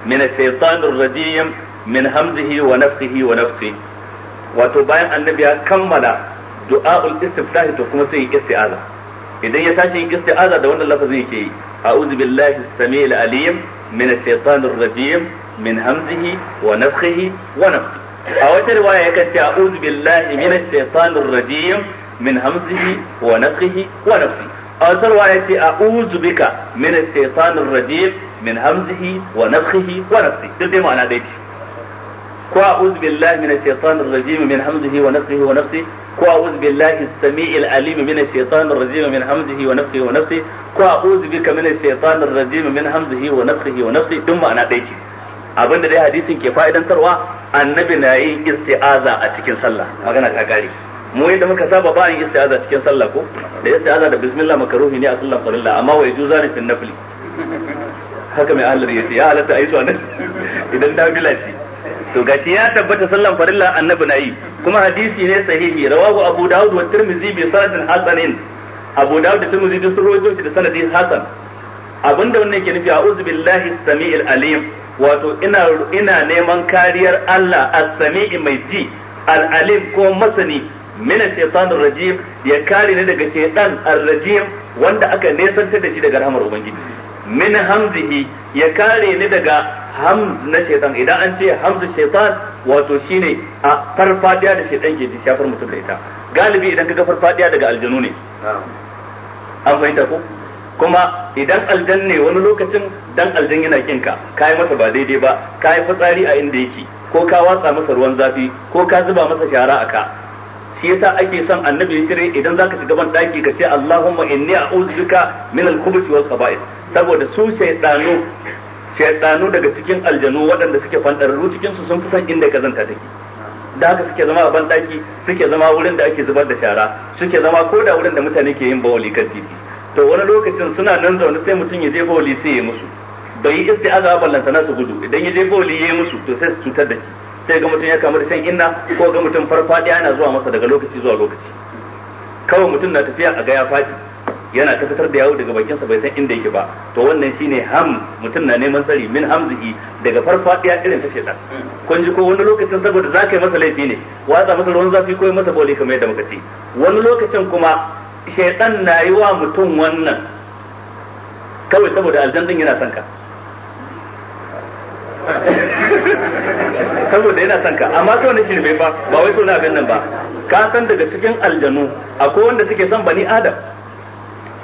S1: min ash-shaytanir rajim min hamzihi wa nafsihi wa nafsi wato bayan annabi ya kammala du'a'ul istiftahi to kuma sai isti'aza idan ya tashi yin isti'aza da wannan lafazin yake yi a'udhu billahi samil alim min ash-shaytanir rajim min hamzihi wa nafthihi wa nafsi a wata riwaya yakan ce a'udhu billahi min ash-shaytanir rajim min hamzihi wa nafthihi wa nafsi a wata riwaya ce a'udhu bika min ash-shaytanir rajim min hamzihi wa nafthihi wa nafsi duk dai ma'ana dai ko a'udhu billahi minash shaitanir rajim min hamzihi wa nafthihi wa nafsi ko a'udhu billahi as-sami'il alim minash shaitanir rajim min hamzihi wa nafthihi wa nafsi ko a'udhu bika minash shaitanir rajim min hamzihi wa nafthihi wa nafsi duk ana ɗaya ce abinda dai hadisin ke fa'idantarwa annabi na yi isti'aza a cikin sallah magana ta kare mu yadda muka saba ba yin isti'aza cikin sallah ko da isti'aza da bismillah makaruhi ne a sallan farilla amma wa yajuza ni fil nafli haka mai ya ce. ya halatta ayi su anan idan nafila ce to gashi ya tabbata sallan farilla annabi na yi kuma hadisi ne sahihi rawahu abu dawud wa tirmidhi bi sanadin hasanin abu dawud da tirmidhi duk sun shi da sanadin hasan abinda wannan yake nufi a'udhu billahi samiil alim wato ina ina neman kariyar Allah as-sami'i mai ji al-alim ko masani min ash-shaytanir rajim ya kare ni daga shaytan ar-rajim wanda aka nesantar da shi daga rahmar ubangiji min hamzihi ya kare ni daga hamz na shaitan idan an ce hamzu shaitan wato shine a farfadiya da shaitan ke ji shafar mutum da ita galibi idan kaga farfadiya daga aljanu ne an fahimta ko kuma idan aljan ne wani lokacin dan aljan yana kinka kai masa ba daidai ba kai fitsari a inda yake ko ka watsa masa ruwan zafi ko ka zuba masa shara a ka shi yasa ake son annabi ya idan zaka shiga ban daki ka ce Allahumma inni a'udhu bika min al-khubuthi wal khaba'ith saboda su shaidanu shaidanu daga cikin aljanu waɗanda suke fantararru cikin su sun fi san inda kazanta take da haka suke zama a bandaki suke zama wurin da ake zubar da shara suke zama ko da wurin da mutane ke yin bawali kan titi to wani lokacin suna nan zaune sai mutum ya je bawali sai ya musu bai yi isti'aza ba sana su gudu idan ya je bawali ya yi musu to sai su cutar da shi sai ga mutum ya kamar da shan inna ko ga mutum farfadiya yana zuwa masa daga lokaci zuwa lokaci kawai mutum na tafiya a ga ya fadi yana ta fitar da yawo daga sa bai san inda yake ba to wannan shine ham mutum na neman tsari min hamzihi daga farfadiya irin ta shedan kun ji ko wani lokacin saboda za yi masa laifi ne watsa masa ruwan zafi ko masa boli kamar yadda muka ce wani lokacin kuma shedan na yi wa mutum wannan kawai saboda aljan yana sanka. saboda yana sanka amma to ne shirme ba ba wai so na abin nan ba ka san daga cikin aljanu akwai wanda suke son bani adam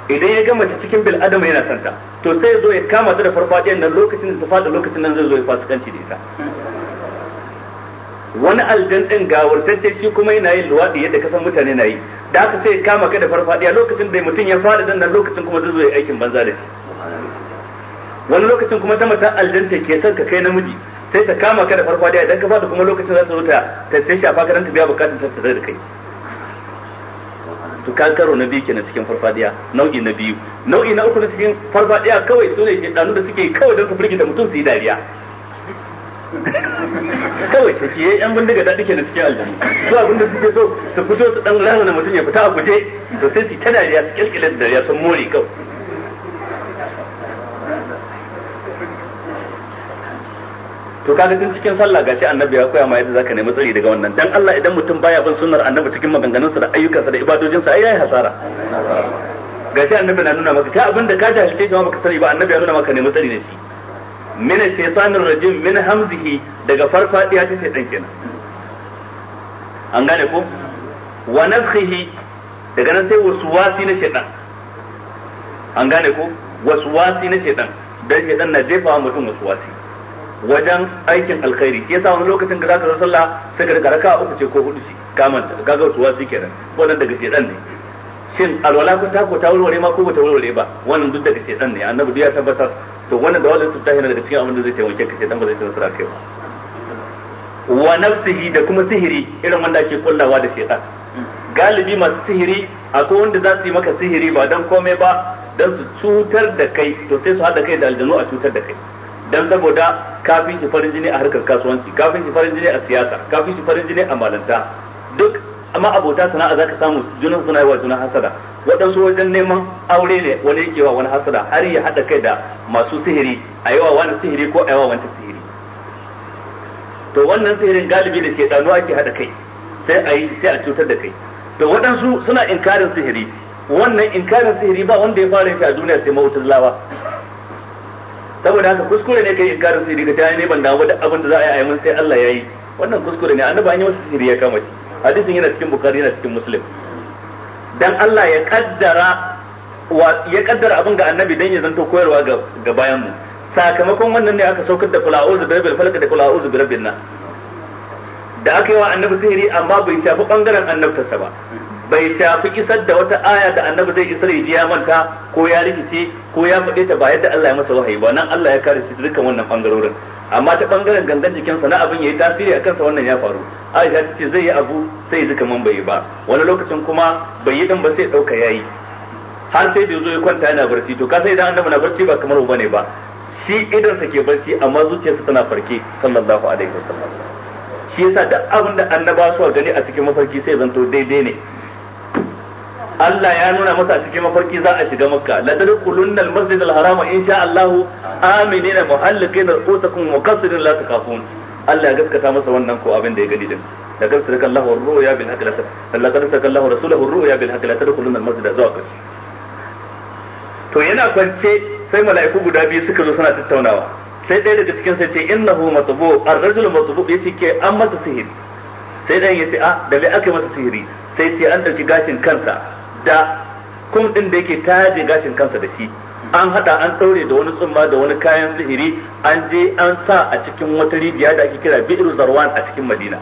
S1: idan ya gama cikin bil adama yana santa to sai zo ya kama ta da farfadiyan nan lokacin da ta fada lokacin nan zai zo ya fasikanci da ita wani aljan din gawurtacce shi kuma yana yin luwadi yadda kasan mutane na yi da aka sai ya kama ka da farfadiya lokacin da mutum ya fada dan nan lokacin kuma zai zo ya aikin banza da shi wani lokacin kuma ta mata aljan ta ke son ka kai namiji sai ta kama ka da farfadiya idan ka fada kuma lokacin za ta zo ta ta shafa ka dan ta biya bukatun ta da kai to ka karo na biyu kenan cikin farfadiya nau'i na biyu nau'i na uku na cikin farfadiya kawai su ne shedanu da suke kawai don su firgita mutum su yi dariya kawai to kiyaye yan bindiga da duke na cikin aljanna su abinda suke so su fito su dan rana mutum ya fita a guje to sai su ta dariya su kyalkyalar dariya sun more kawai to kaga tun cikin sallah gashi annabi ya koya ma yadda zaka nemi tsari daga wannan dan Allah idan mutum baya bin sunnar annabi cikin maganganunsa da ayyukansa da ibadojinsa ai yayi hasara gashi annabi na nuna maka ta abinda ka tashi kai baka sani ba annabi ya nuna maka nemi tsari ne shi min shaytanir rajim min hamzihi daga farfadiya ta shaytan kenan an gane ko wa nafkhihi daga nan sai waswasi na shaytan an gane ko waswasi na shaytan dan shaytan na jefa mutum waswasi wajen aikin alkhairi ya sa wani lokacin da zaka zo sallah sai ka raka uku ce ko hudu ce kaman gagar tuwa su kenan wannan daga shedan ne shin alwala kun ta ko ta wurware ma ko ba ta wurware ba wannan duk daga shedan ne annabi ya tabbatar to wannan da walin tutta yana daga cikin abin da zai taimake ka shedan ba zai tsara kai
S2: ba
S1: wa nafsihi da kuma sihiri irin wanda ake kullawa da shedan galibi masu sihiri akwai wanda za su yi maka sihiri ba dan komai ba dan su cutar da kai to sai su hada kai da aljanu a cutar da kai dan saboda kafin shi farin jini a harkar kasuwanci kafin shi farin jini a siyasa kafin shi farin jini a malanta duk amma abota sana'a zaka samu junan suna yi wa junan hasada waɗansu wajen neman aure ne wani yake wa wani hasada har ya haɗa kai da masu sihiri a yawa wani sihiri ko a yawa wani sihiri to wannan sihirin galibi da ke ɗanuwa ake haɗa kai sai a yi sai a cutar da kai to waɗansu suna inkarin sihiri wannan inkarin sihiri ba wanda ya fara shi a duniya sai mawutar lawa saboda haka kuskure ne kai inkarin sirri ka tayi ne ban dawo da abin da za a yi a mun sai Allah yayi wannan kuskure ne annabi an yi masa sirri ya kama shi hadisin yana cikin bukhari yana cikin muslim dan Allah ya kaddara ya kaddara abin ga annabi dan ya zanto koyarwa ga ga bayan mu sakamakon wannan ne aka saukar da kula auzu bi rabbil falaq da kula auzu bi rabbin nas da aka yi wa annabi sihiri amma bai shafi bangaren annabtarsa ba bai shafi isar da wata aya da annabi zai isar ya ji ya manta ko ya rikice ko ya faɗe ta ba yadda Allah ya masa wahayi ba nan Allah ya kare shi dukkan wannan bangarorin amma ta bangaren gangan sa na abin yayi tasiri akan sa wannan ya faru Aisha ta ce zai yi abu sai ya kaman bai ba wani lokacin kuma bai yi din ba sai dauka yayi har sai da zo ya kwanta yana barci to ka sai idan annabi na barci ba kamar bane ba shi idan sa ke barci amma zuciyarsa tana farke sallallahu alaihi wasallam shi yasa da abin da annabawa su gani a cikin mafarki sai zanto daidai ne Allah ya nuna masa a cikin mafarki za a shiga makka la tadkhulunna al-masjid al-haram insha Allah aminina muhallikina ru'usakum muqassirin la takafun Allah ya gaskata masa wannan ko abin da ya gani din da gaskata sadaka Allah wa ru'ya bil haqq la kan sadaka Allah rasulahu ru'ya bil haqq la tadkhulunna al-masjid zuwa kashi to yana kwance sai mala'iku guda biyu suka zo suna tattaunawa sai ɗaya daga cikin sai ce innahu matbu ar-rajulu matbu yace ke an masa sihiri sai dan yace a ah, da me aka masa sihiri sai ce an dauki gashin kansa da kum din da yake taje gashin kansa da shi an hada an daure da wani tsumma da wani kayan zihiri an je an sa a cikin wata rijiya da ake kira bi'ru zarwan a cikin madina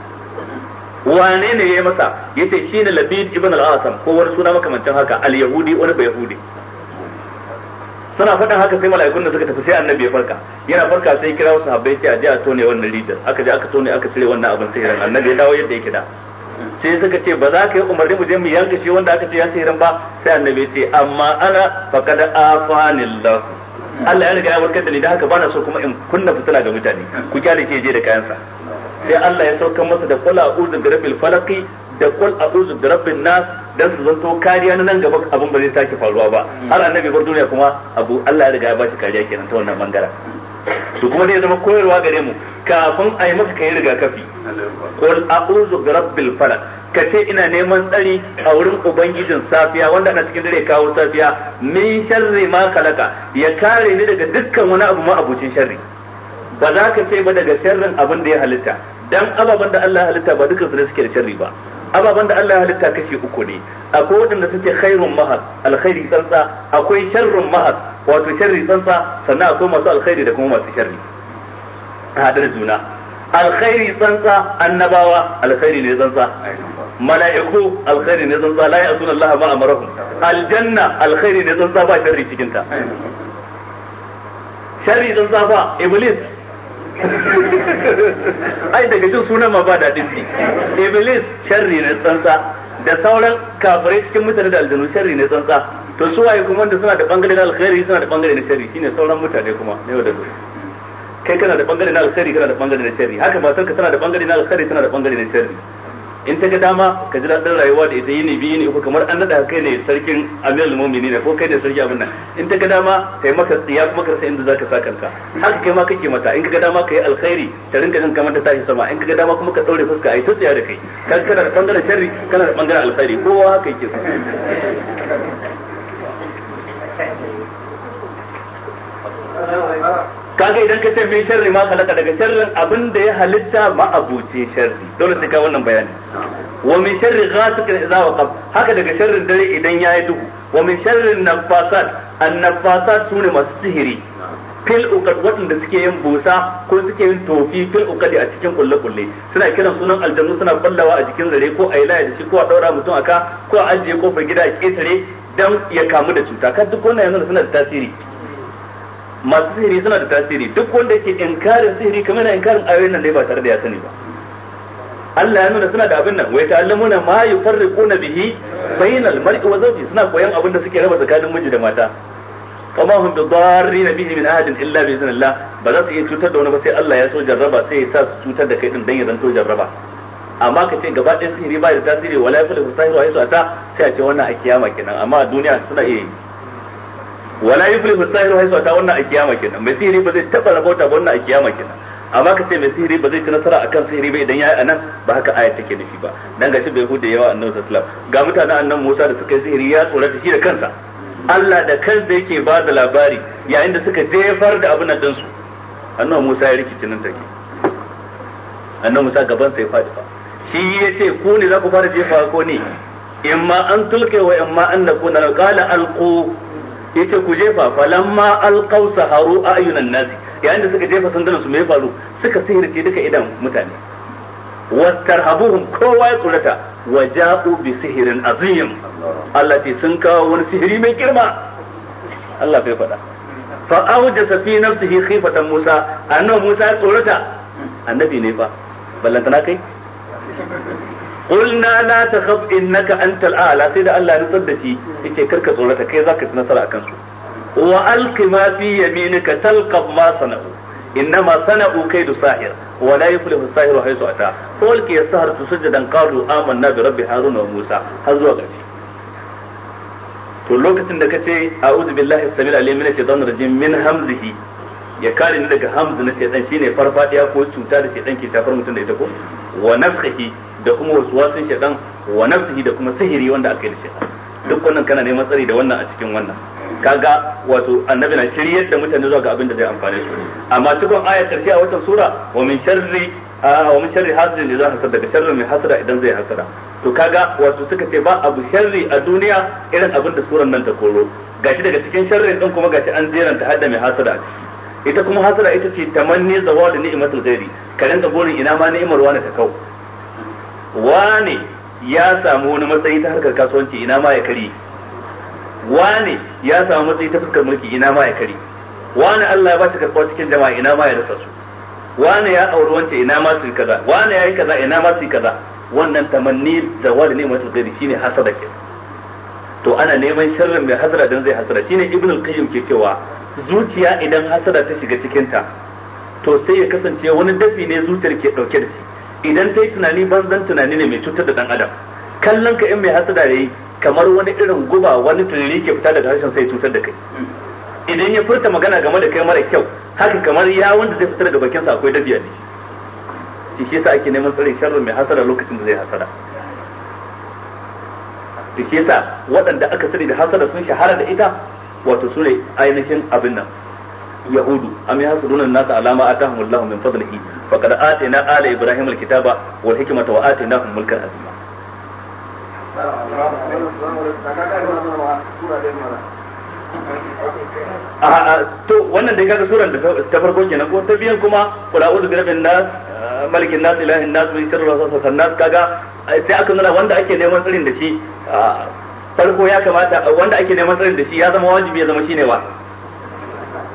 S1: wane ne ya masa yace ne labid ibn al-asam ko wani suna makamancin haka al-yahudi wani ba yahudi suna faɗin haka sai mala'ikun da suka tafi sai annabi ya farka yana farka sai kira wasu habbai sai a je a tone wannan rijiyar aka je aka tone aka cire wannan abin sihirin annabi ya dawo yadda yake da sai suka ce ba za ka yi umarni mu je mu yanka shi wanda aka ce ya sihirin ba sai annabi ce amma ana faqad afanillah Allah ya riga ya warkar da ni da haka bana so kuma in kunna fitila ga mutane ku kyale ke je da kayansa sai Allah ya saukar masa da qul a'udhu bi rabbil falaq da qul a'udhu bi rabbin nas dan su zanto kariya na nan gaba abin ba zai sake faruwa ba har annabi bar duniya kuma abu Allah ya riga ya ba shi kariya kenan ta wannan bangaren to kuma zai zama koyarwa gare mu kafin a yi maka kai rigakafi kul a'udhu bi rabbil falaq ka ce ina neman tsari a wurin ubangijin safiya wanda ana cikin dare kawo safiya min sharri ma kalaka ya kare ni daga dukkan wani abu ma abucin sharri ba za ka ce ba daga sharrin abin da ya halitta dan ababen da Allah halitta ba dukkan su ne suke da sharri ba ababen da Allah halitta kashi uku ne akwai wanda suke khairun mahad alkhairi tsantsa akwai sharrun mahad wato sharri tsantsa sannan akwai masu alkhairi da kuma masu sharri a hadar juna alkhairi tsantsa annabawa alkhairi ne tsantsa mala'iku alkhairi ne tsantsa la ya'tun Allah ma amarahum aljanna alkhairi ne tsantsa ba sharri cikin ta sharri tsantsa ba iblis ai daga jin sunan ma ba daɗin shi iblis sharri ne tsantsa da sauran kafirai cikin mutane da aljanu sharri ne tsantsa to su waye kuma da suna da bangare na alkhairi suna da bangare na sharri shine sauran mutane kuma ne da gobe kai kana da bangare na alkhairi kana da bangare na sharri haka matan ka tana da bangare na alkhairi tana da bangare na sharri in ta ga dama ka ji daɗin rayuwa da ita yini biyu ne uku kamar an naɗa kai ne sarkin mumini ne ko kai ne sarki abin nan in ta ga dama kai maka tsiya kuma ka inda zaka sa kanka haka kai ma kake mata in ka ga dama kai alkhairi ta rinka jin kamar ta tashi sama in ka ga dama kuma ka daure fuska ai ta tsiya da kai kan kana da bangaren sharri kana da bangaren alkhairi kowa haka yake kaga idan ka ce min sharri ma khalaqa daga sharrin abin da ya halitta ma abuce sharri dole sai ka wannan bayani wa min sharri ghasiqin idza waqab haka daga sharrin dare idan yayi duhu wa min sharri nafasat nafasat sune masu sihiri fil uqad waɗanda suke yin busa ko suke yin tofi fil uqadi a cikin kulle kulle suna kiran sunan aljannu suna ballawa a jikin zare ko a yi laya da shi ko a daura mutum aka ko a ajiye kofar gida a ketare dan ya kamu da cuta kan duk wannan yanzu suna da tasiri masu sihiri suna da tasiri duk wanda yake inkarin sihiri kamar yana inkarin ayoyin nan dai ba tare da ya sani ba Allah ya nuna suna da abin nan wai ta'allamuna ma yufarriquna bihi bainal mar'i wa zawji suna koyan abin da suke raba tsakanin miji da mata kama hum bi darrin bihi min ahadin illa bi iznillah ba za su iya cutar da wani ba sai Allah ya so jarraba sai ya sa su cutar da kai din dan ya zanto jarraba amma ka ce gaba ɗaya sihiri ba da tasiri wala yafilu sahiru wa yasa sai a ce wannan a kiyama kenan amma a duniya suna iya yi wala yufli musahiru haisu ta wannan a kiyama kenan mai sihiri ba zai taba rabota ba wannan a kiyama kenan amma ka ce mai sihiri ba zai ci nasara akan sihiri ba idan yayi anan ba haka ayat take nufi ba dan gashi bai hude yawa annabi sallallahu alaihi wasallam ga mutanen annan Musa da suka yi sihiri ya tsorata shi da kansa Allah da kansa yake ba da labari yayin da suka jefar da abin nan su annabi Musa ya rikice nan take annabi Musa gaban sai fadi fa shi yace ku ne za ku fara jefa ko ne imma an tulke wa imma an nakuna qala alqu yace ku jefa falamma alqaw saharu ayunan nasi yayin da suka jefa sandunan su me faru suka sihirce duka idan mutane wastarhabuhum kowa ya tsurata waja'u bi sihirin azim Allah ce sun kawo wani sihiri mai girma Allah bai faɗa fa awjasa fi nafsihi khifatan Musa annabi Musa ya tsorata annabi ne fa ballantana kai qulna la takhaf innaka Anta a'la sai da Allah ya nutsar da shi yace karka tsorata kai zaka ci nasara akan su wa alqi ma fi yaminika talqab ma sana'u إنما صنعوا كيد ساحر ولا يفلح الساحر حيث أتى فألقي السحرة سجدا قالوا آمنا برب هارون وموسى هزوا غشي to lokacin da kace a'udhu billahi samil alim min shaitanir rajim min hamzihi ya kare ni daga hamz na shaitan shine farfadiya ko cuta da shaitan ke tafar mutum da ita ko wa nafkhihi da kuma waswasin shaitan wa nafsihi da kuma sihiri wanda aka yi da shaitan duk wannan kana neman tsari da wannan a cikin wannan kaga wato annabi na shiryar da mutane zuwa ga abin da zai amfane su amma cikin ayar karshe a watan sura wa min sharri wa min sharri hasidin idza hasada daga sharri mai hasada idan zai hasada to kaga wato suka ce ba abu sharri a duniya irin abin da suran nan ta koro gashi daga cikin sharri din kuma gashi an ta hadda mai hasada ita kuma hasada ita ce tamanni zawali ni'matul ghairi ka rinka burin ina ma ni'mar wani ta kawo wane ya samu wani matsayi ta harkar kasuwanci ina ma ya kari? wane ya samu matsayi ta fuskar mulki ina ma ya kari? wane Allah ya ba shi karɓar cikin jama'a ina ma ya rasa su wane ya auri wance ina ma su kaza wane ya yi kaza ina ma su kaza wannan tamanni da wani ne masu gari shine hasada ke to ana neman sharrin mai hasada dan zai hasada shine ibnul qayyim ke cewa zuciya idan hasada ta shiga cikin ta to sai ya kasance wani dafi ne zuciyar ke dauke da shi idan ta yi tunani banzan tunani ne mai cutar da dan adam kallon ka in mai hasada da yi kamar wani irin guba wani tunani ke fita daga harshen sai cutar da kai idan ya furta magana game da kai mara kyau haka kamar ya wanda zai fita daga bakin sa akwai dabiya ne shi shi yasa ake neman tsare sharrin mai hasada lokacin da zai hasada shi yasa waɗanda aka sani da hasada sun shahara da ita wato su ne ainihin abin nan yahudu am yahsuduna an-nasa ala ma atahum Allahu min fadlihi faqad atina ala ibrahim al-kitaba wal hikmata wa atainahum mulkan azima a to wannan da kaga suran da ta farko kenan ko ta biyan kuma qul a'udhu bi rabbin nas malikin nas ilahin nas min sharri waswasil nas kaga sai aka nuna wanda ake neman tsirin da shi ah, farko ya kamata wanda ake neman tsirin da shi ya zama wajibi ya zama shine wa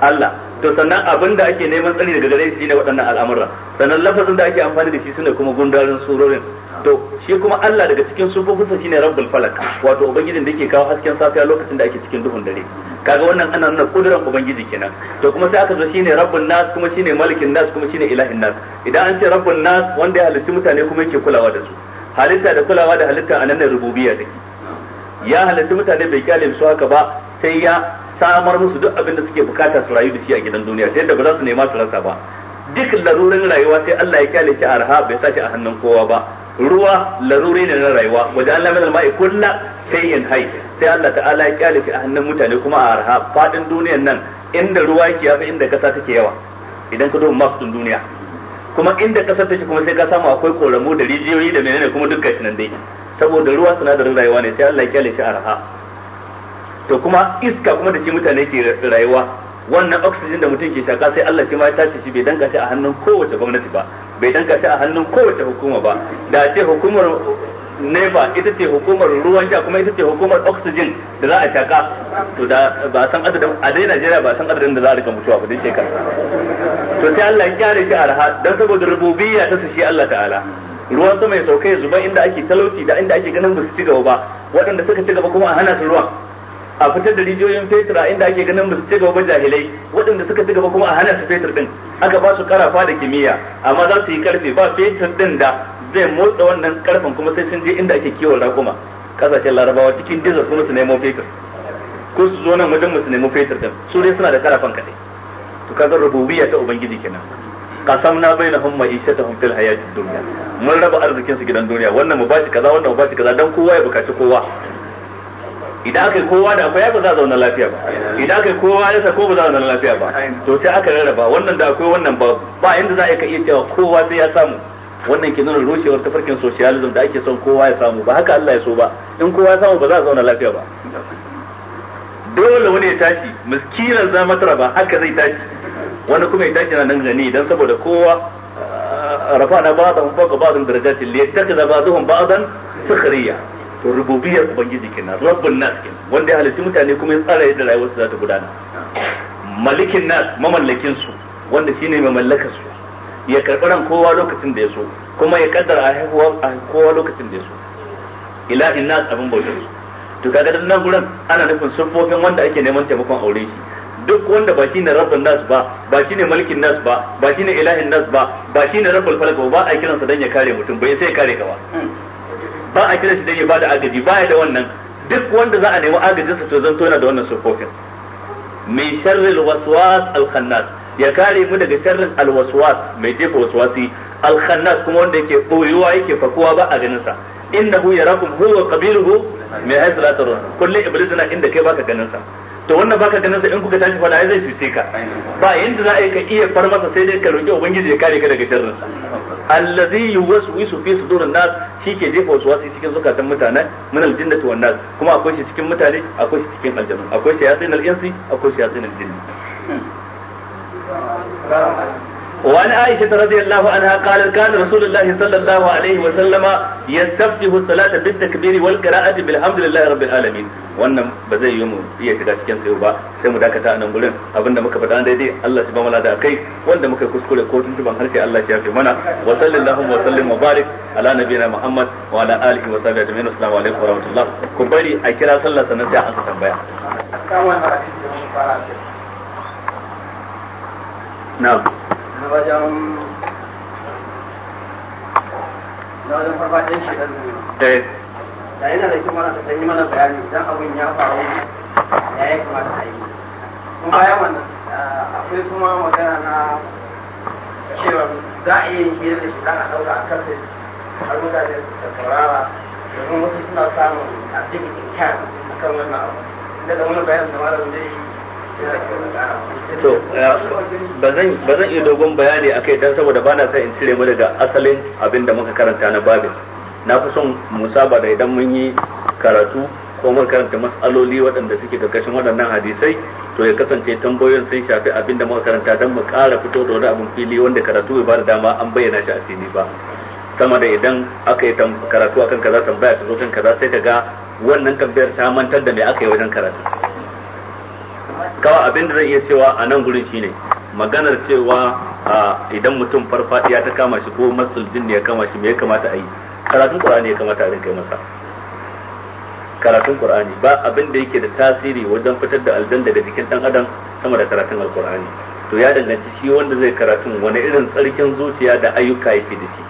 S1: Allah to sannan abin da ake neman tsari daga gare shi ne waɗannan al'amura sannan lafazin da ake amfani da shi sune kuma gundarin surorin to shi kuma Allah daga cikin sufofinsa shine rabbul falak wato ubangijin da yake kawo hasken safiya lokacin da ake cikin duhun dare kaga wannan ana nuna kudurar ubangiji kenan to kuma sai aka zo shine rabbun nas kuma shine malikin nas kuma shine ilahin nas idan an ce rabbun nas wanda ya halitta mutane kuma yake kulawa da su halitta da kulawa da halitta anan ne rububiyya take ya halitta mutane bai kyale su haka ba sai ya samar musu duk abin da suke bukata su rayu da shi a gidan duniya sai da ba za su nema su rasa ba duk larurin rayuwa sai Allah ya kyale shi a arha bai sa shi a hannun kowa ba ruwa laruri ne na rayuwa wajen Allah mai mai kullu sai in hai sai Allah ta'ala ya kyale shi a hannun mutane kuma a arha fadin duniyan nan inda ruwa yake yafi inda kasa take yawa idan ka duba map duniya kuma inda kasa take kuma sai ka samu akwai koramu da rijiyoyi da menene kuma duk gashi nan dai saboda ruwa sinadarin rayuwa ne sai Allah ya kyale shi a arha to kuma iska kuma da shi mutane ke rayuwa wannan oxygen da mutum ke shaka sai Allah shi ma ya tashi shi bai danka shi a hannun kowace gwamnati ba bai danka shi a hannun kowace hukuma ba da ce hukumar nefa ita ce hukumar ruwan sha kuma ita ce hukumar oxygen da za a shaka to da ba san adadin a dai Najeriya ba san adadin da za a rika mutuwa ba dai shekara to sai Allah ya kyale shi raha dan saboda rububiyya ta su shi Allah ta'ala ruwan sama ya sauka ya zuba inda ake talauci da inda ake ganin ba su ci gaba ba waɗanda suka ci gaba kuma a hana su ruwan a fitar da rijiyoyin fetur a inda ake ganin musu ci gaba jahilai waɗanda suka ci gaba kuma a hana su fetur din aka ba su karafa da kimiyya amma za su yi karfe ba fetur din da zai motsa wannan karfin kuma sai sun je inda ake kiwon raƙuma kasashen larabawa cikin dizar kuma su nemo fetur ko su zo nan wajen mu su nemo fetur din su dai suna da karafan kaɗai to zan rububiya ta ubangiji kenan na na bai qasamna bainahum ma'ishatahum fil hayatid duniya. mun raba arzikin su gidan duniya wannan mu shi kaza wannan mu shi kaza dan kowa ya bukaci kowa idan aka yi kowa da akwai ba za a zauna lafiya ba idan aka yi kowa ya ko ba za a zauna lafiya ba to sai aka rarraba wannan da akwai wannan ba ba inda za a iya cewa kowa sai ya samu wannan ke nuna rushewar tafarkin socialism da ake son kowa ya samu ba haka Allah ya so ba in kowa ya samu ba za a zauna lafiya ba dole wani ya tashi miskilan za matara ba haka zai tashi wani kuma ya tashi na nan gani idan saboda kowa rafa na ba da ba ga ba da darajatin liyar ta ba zuhun ba sukhriya rububiyar ubangiji kenan rabbun nas kenan wanda ya halitta mutane kuma ya tsara yadda rayuwar su za ta gudana malikin nas mamallakin su wanda shine mai mallakar su ya karɓi ran kowa lokacin da ya so kuma ya kaddara a haihuwa a kowa lokacin da ya so ilahin nas abin bautar su to kaga dan nan guran ana nufin siffofin wanda ake neman taimakon aure shi duk wanda ba shine rabbun nas ba ba shine Malikin nas ba ba shine ilahin nas ba ba shine rabbul falak ba a kiransa dan ya kare mutum bai sai ya kare ka ba ba a kira shi dan ya bada agaji baya da wannan duk wanda za a nemi agajinsa to zan tona da wannan sufofin mai sharril waswas al ya kare mu daga sharrin al mai jefa waswasi al kuma wanda yake koyuwa yake fakuwa ba a ganin sa innahu yarakum huwa qabiluhu min haythu la kullu iblis na inda kai baka ganin sa to wannan baka ganin sai in kuka tashi fada zai cuce ka ba yanda za a yi ka iya far masa sai dai ka roki ubangiji ya kare ka daga sharrin allazi yuwaswisu fi sudurin nas shike jefa wasu wasu cikin zukatan mutane min aljinnati wan nas kuma akwai shi cikin mutane akwai shi cikin aljanna akwai shi yasin al-insi akwai shi yasin al-jinni وعن عائشة رضي الله عنها قال كان رسول الله صلى الله عليه وسلم يستفتح الصلاة بالتكبير والقراءة بالحمد لله رب العالمين wannan ba zai yi mu iya shiga cikin tsayo ba sai mu dakata a nan gurin abinda muka faɗa daidai Allah shi ba mu lada kai wanda muka kuskure ko tuntuban harshe Allah shi ya fi mana wa sallallahu wa sallim ala nabiyina Muhammad wa ala alihi wa wa bari a kira sallah sannan sai tambaya wajen da da mana bayani idan ya kuma eh, kuma magana na cewa za a iya yin hira da shi a ɗauka a kasa har mutane da suna samun a cikin kyan akan wannan abu inda da wani bayan da
S2: malamin da yi to eh, ba zan iya
S1: dogon bayani a kai dan saboda bana sai in cire mu daga asalin abin da muka karanta na babin na fi son musaba da idan mun yi karatu ko mun karanta mas'aloli waɗanda suke karkashin waɗannan hadisai to ya kasance tambayoyin sun shafi abin da muka karanta don mu ƙara fito da wani abin fili wanda karatu ba da dama an bayyana shi a fili ba sama da idan aka yi karatu akan kaza tambaya ta zo kan kaza sai ka ga wannan tambayar ta mantar da me aka yi wajen karatu kawai abinda zai iya cewa a nan gurin shine maganar cewa idan mutum farfadiya ta kama shi ko masuljin ne ya kama shi me ya kamata a yi karatun qur'ani ya kamata a rinka masa karatun qur'ani ba abinda da yake da tasiri wajen fitar da aljan daga jikin dan adam sama da karatun alqur'ani to ya danganci shi wanda zai karatun wani irin tsarkin zuciya da ayyuka yake da shi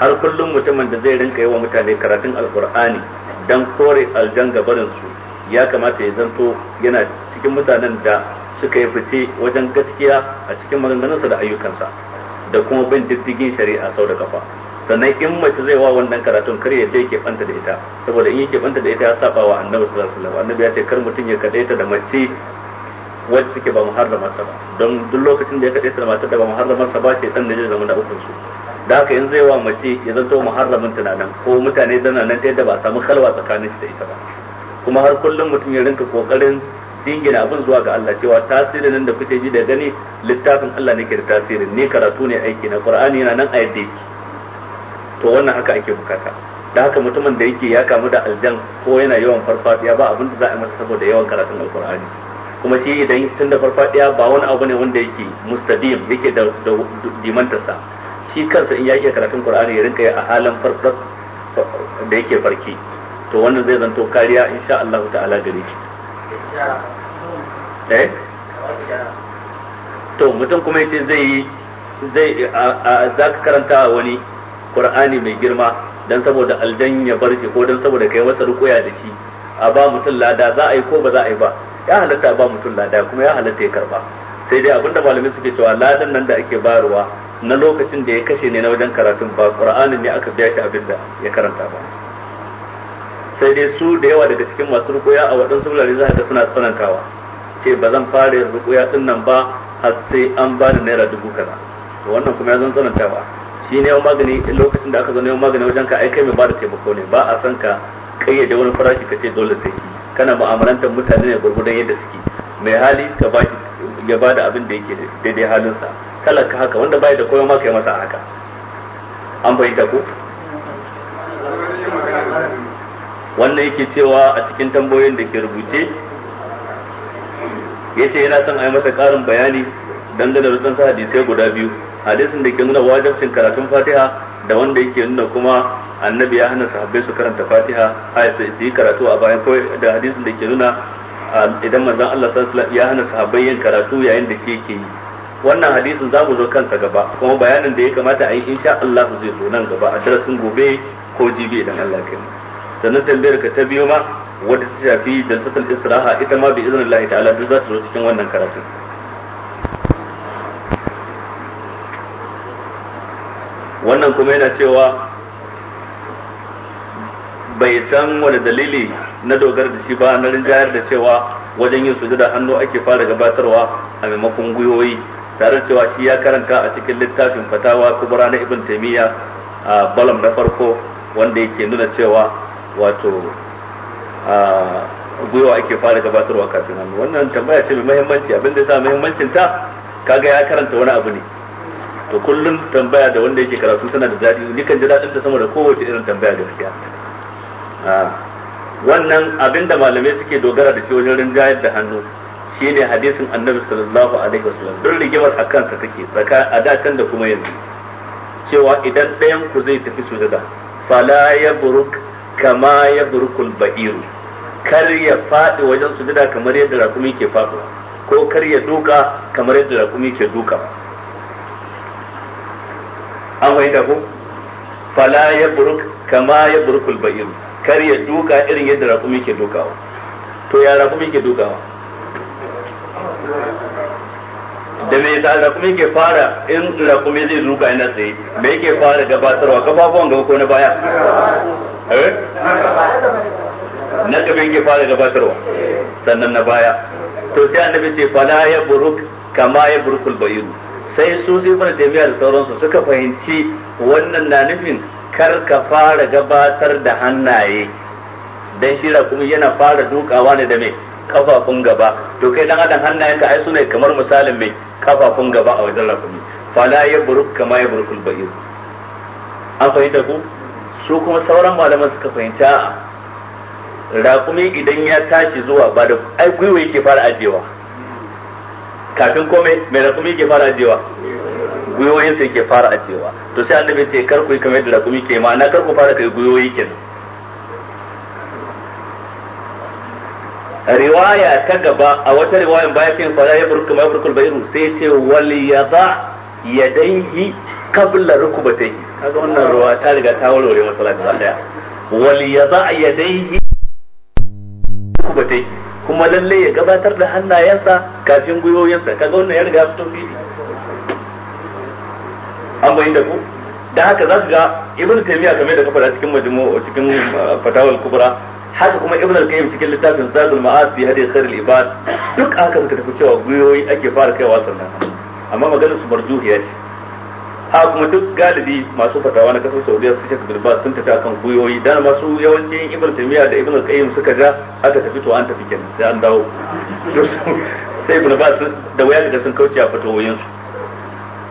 S1: har kullum mutumin da zai rinka yi wa mutane karatun alqur'ani dan kore aljan gabarin su ya kamata ya zanto yana cikin mutanen da suka yi fice wajen gaskiya a cikin maganganunsa da ayyukansa da kuma bin diddigin shari'a sau da kafa sannan in mace zai wa wannan karatun kar ya je ke banta da ita saboda in yake banta da ita ya saba wa annabi sallallahu alaihi wasallam annabi ya ce kar mutum ya ta da mace wacce take ba muharrama sa ba don duk lokacin da ya ta da mace da ba muharrama sa ba ce dan da zai zama da ukun su da haka in zai wa mace ya zanto muharramin tunanin ko mutane dana nan ta ba samu kalwa tsakanin shi da ita ba kuma har kullum mutum ya rinka kokarin dingina abin zuwa ga Allah cewa tasirin nan da kuke ji da gani littafin Allah ne ke da tasirin ne karatu ne aiki na Qur'ani yana nan a yadda to wannan haka ake bukata da haka mutumin da yake ya kamu da aljan ko yana yawan farfadiya ba abin da za a masa saboda yawan karatun alqur'ani kuma shi idan tunda farfadiya ba wani abu ne wanda yake mustadim yake da dimantarsa shi kansa in ya iya karatun qur'ani ya rinka a halin farfad da yake farki to wannan zai zanto kariya insha Allah ta'ala gare shi
S2: Eh?
S1: to mutum kuma yace zai yi zai za ka karanta wani qur'ani mai girma dan saboda aljan ya bar shi ko dan saboda kai masa rukuya da shi a ba mutum lada za a yi ko ba za a yi ba ya halatta ba mutum lada kuma ya halatta ya karba sai dai abinda malamin suke cewa ladan nan da ake bayarwa na lokacin da ya kashe ne na wajen karatun ba qur'anin ne aka biya shi abinda ya karanta ba sai dai su da yawa daga cikin masu rukuya a waɗansu wurare za ga suna tsanantawa ce ba zan fara yin rukuya din nan ba har sai an ba da naira dubu kaza to wannan kuma ya zan tsanantawa shi ne yawan magani lokacin da aka zo neman magani wajen ka ai kai mai ba da taimako ne ba a san ka kayyade wani farashi ka ce dole sai kana mu'amalantar mutane ne gurgudan yadda suke mai hali ka ba ya ba da abin da yake daidai halinsa kala ka haka wanda bai da koyon ma ya masa haka an fahimta ko wannan yake cewa a cikin tambayoyin da ke rubuce yace yana son a yi masa karin bayani dangane da sa hadisai guda biyu hadisin da ke nuna wajibcin karatun fatiha da wanda yake nuna kuma annabi ya hana sahabbai su karanta fatiha a su yi karatu a bayan kawai da hadisin da ke nuna idan manzon Allah sallallahu ya hana sahabbai yin karatu yayin da ke ke yi wannan hadisin za mu zo kansa gaba kuma bayanin da ya kamata a yi insha Allah zai zo nan gaba a darasin gobe ko jibi idan Allah ya kai sannan tambayar ka ta biyo ma wadda ta shafi jalsatul istiraha ita ma bi iznillahi ta'ala duk za ta zo cikin wannan karatun wannan kuma yana cewa bai san wani dalili na dogara da shi ba na rinjayar da cewa wajen yin sujada hannu ake fara gabatarwa a maimakon gwiwoyi tare da cewa shi ya karanta a cikin littafin fatawa kubra na ibn taimiyya a balam na farko wanda yake nuna cewa wato gwiwa ake fara gabatarwa kafin hannu wannan tambaya ce mai muhimmanci abin da sa muhimmancin ta kaga ya karanta wani abu ne to kullum tambaya da wanda yake karatu tana da daɗi kan ji daɗin ta sama da kowace irin tambaya da gaskiya wannan abin da malamai suke dogara da shi wajen rinjayar da hannu shine hadisin annabi sallallahu alaihi wasallam duk rigimar a kansa take tsaka a dakan da kuma yanzu cewa idan ɗayan ku zai tafi sujada fala ya kama ya burkul ba'iru kar ya faɗi wajen sujada kamar yadda rakumi ke faɗuwa ko kar ya duka kamar yadda rakumi ke duka an fahimta ko fala ya buruk kama ya burkul ba'iru kar ya duka irin yadda rakumi ke dukawa to ya rakumi ke dukawa da me yasa rakumi ke fara in rakumi zai duka yana tsaye me yake fara gabatarwa kafafuwan ga ko na baya Eh? na gaba yake fara gabatarwa sannan na baya to sai annabi ce fala ya buruk kama ya burkul bayin sai su sai mana jami'a da sauransu suka fahimci wannan na nufin kar ka fara gabatar da hannaye dan shira kuma yana fara dukawa ne da me kafafun gaba to kai dan adam hannayenka ai sune kamar misalin me kafafun gaba a wajen rakumi fala ya buruk kama ya burkul bayin an fahimta ku su kuma sauran malaman suka fahimta raƙumi idan ya tashi zuwa ba da ai gwiwa yake fara ajewa kafin kome mai raƙumi yake fara ajewa gwiwoyin sai ke fara ajewa to sai annabi ce kar ku yi kamar da raƙumi ke ma na kar ku fara kai gwiwoyi kenan riwaya ta gaba a wata riwayan bayan kin fara ya burku ma burkul bayru sai ce wal yada yadaihi ba ta yi kaga wannan ruwa ta riga ta warware masalata ba daya wal yada ta yi kuma lalle ya gabatar da hannayensa kafin gwiwoyinsa kaga wannan ya riga fito fili an da ku da haka za su ga ibnu taymiya kamar da kafa cikin majmu cikin uh, fatawal kubra haka kuma ibn al-qayyim cikin littafin zadul ma'ad fi khair al ibad duk aka suka tafi cewa guyoyi ake fara kaiwa sannan amma maganar su marjuhiya ce a kuma duk galibi masu fatawa na kasar saudiya su shek bilba sun tafi akan guyoyi dana masu yawancin ibn taymiya da ibn qayyim suka ga aka tafi to an tafi kenan sai an dawo sai ibn ba da waya da sun kauce a fatawoyin su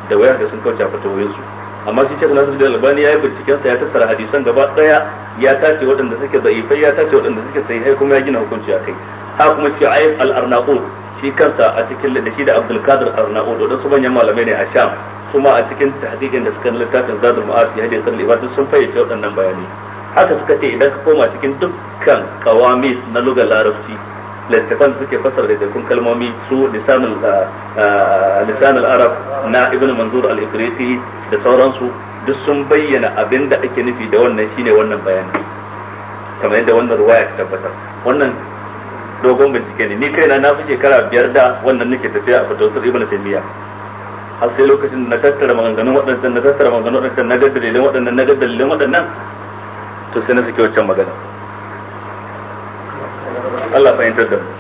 S1: da waya da sun kauce a fatawoyin su amma shi shek nasir da albani ya yi binciken sa ya tattara hadisan gaba daya ya tace waɗanda suke zaifai ya tace waɗanda suke sai sahihai kuma ya gina hukunci a kai ha kuma shi ayyub al-arnaqut shi kansa a cikin da shi da abdul qadir arnaqut wadansu manyan malamai ne a sham kuma a cikin tahdidin da suka littafin zadul ma'ad ya hadith al-ibad sun fayyace waɗannan bayani haka suka ce idan ka koma cikin dukkan qawamis na lugar larabci littafan suke fassara da kun kalmomi su lisanul ah, ah, lisanul arab na ibnu manzur al-ifriti da sauransu duk sun bayyana abin da ake nufi da wannan shine wannan bayani kamar yadda wannan ruwaya ta tabbatar wannan dogon bincike ne ni kaina na fi shekara biyar da wannan nake tafiya a fatawar ibnu taymiyyah har sai lokacin da na tattara maganganun waɗannan na tattara maganganun waɗannan na ga dalilan waɗannan na ga dalilan waɗannan to sai na saki wancan magana Allah fahimtar da mu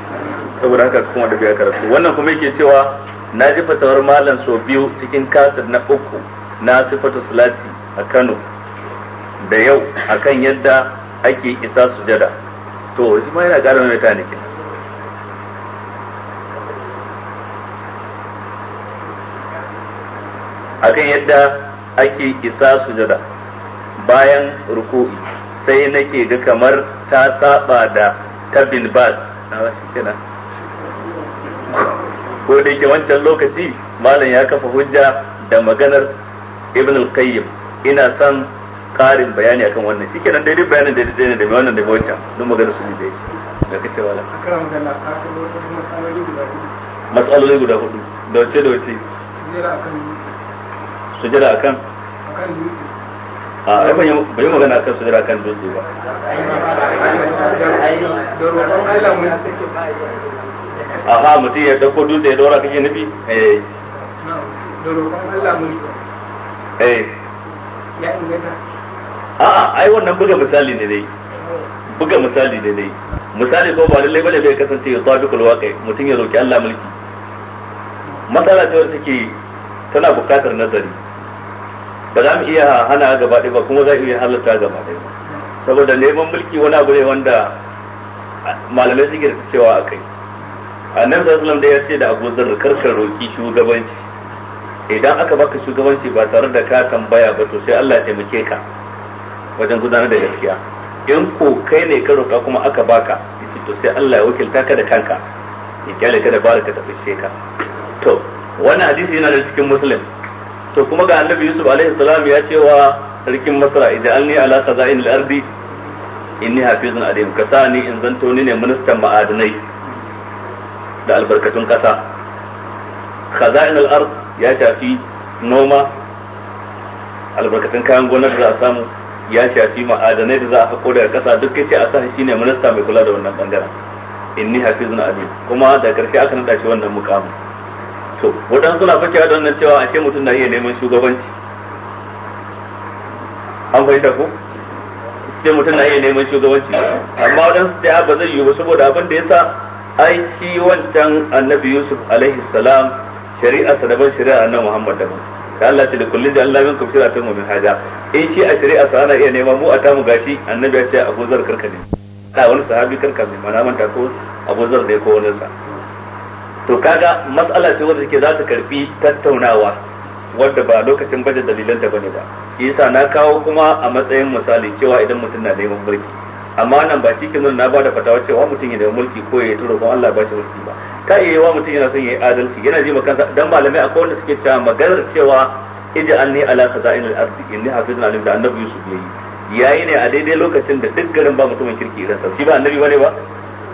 S1: saboda haka kuma da biya karatu wannan kuma yake cewa na ji fatawar malam so biyu cikin kasir na uku na sifatu salati a Kano da yau akan yadda ake isa sujada to shi ma yana ƙara mai tanikin akan yadda ake isa sujada bayan ruku'i sai nake ga kamar ta saba da tabin bas ko da yake wancan lokaci malam ya kafa hujja da maganar ibn al-qayyim ina son karin bayani akan wannan shi kenan daidai bayanin da daidai da wannan da wancan don maganar su ne da yake da kace wala matsaloli guda hudu da wace da wace sujada akan a ah, ai ban yi magana akan sujada akan dutse ba a ha mutum ya dauko dutse ya dora kake nufi eh eh a'a ai wannan buga misali ne dai buga misali ne dai misali ko ba lallai bane bai kasance ya tabi kulwa kai mutum ya roki Allah mulki matsala ce wacce take tana bukatar nazari ba za mu iya hana gaba ɗaya ba kuma za mu iya halatta gaba ɗaya saboda neman mulki wani abu ne wanda malamai suke da cewa a kai annabi sallallahu da ya ce da Abu Dharr karkar roki shugabanci idan aka baka shugabanci ba tare da ka tambaya ba to sai Allah ya taimake ka wajen gudanar da gaskiya in ko kai ne ka roka kuma aka baka yace to sai Allah ya wakilta ka da kanka ya kyale ka da baraka ta fice ka to wannan hadisi yana da cikin muslim to kuma ga annabi yusuf alaihi salam ya ce wa sarkin masra ij'alni ala khaza'in al-ardi inni hafizun alim ka sa ni in zanto ni ne ministan ma'adinai da albarkatun kasa khaza'in al-ard ya shafi noma albarkatun kayan gonar da za a samu ya shafi ma'adanai da za a hako daga kasa duk ce a sa shi ne minista mai kula da wannan bangaren inni hafizun alim kuma da karshe aka nada shi wannan mukamin to wadan suna fakewa da wannan cewa ashe mutum na iya neman shugabanci an fahimta ko sai mutum na iya neman shugabanci amma wadan su sai ba zai yi ba saboda abin da yasa ai shi wancan annabi yusuf alaihi salam shari'a daban shari'a annabi muhammad daban da Allah ce da kullun da Allah minkum shiratan wa min haja in shi a shari'a sa ana iya neman mu a tamu gashi annabi ya ce abu zar karka ne da wani sahabi karka mai mana manta ko abu zar ya ko wani sa to kaga matsala ce wanda take za ta karbi tattaunawa wadda ba lokacin baje dalilan ta bane ba shi yasa na kawo kuma a matsayin misali cewa idan mutum na neman mulki amma nan ba cikin nan na ba da fatawa cewa mutum yana neman mulki ko ya turo kuma Allah ba shi mulki ba ta iya wa mutum yana son ya yi adalci yana ji kansa dan malamai akwai wanda suke cewa maganar cewa ija anni ala al ardi inni hafizun alim da annabi Yusuf yayi yayi ne a daidai lokacin da duk garin ba mutumin kirki irin sa shi ba annabi bane ba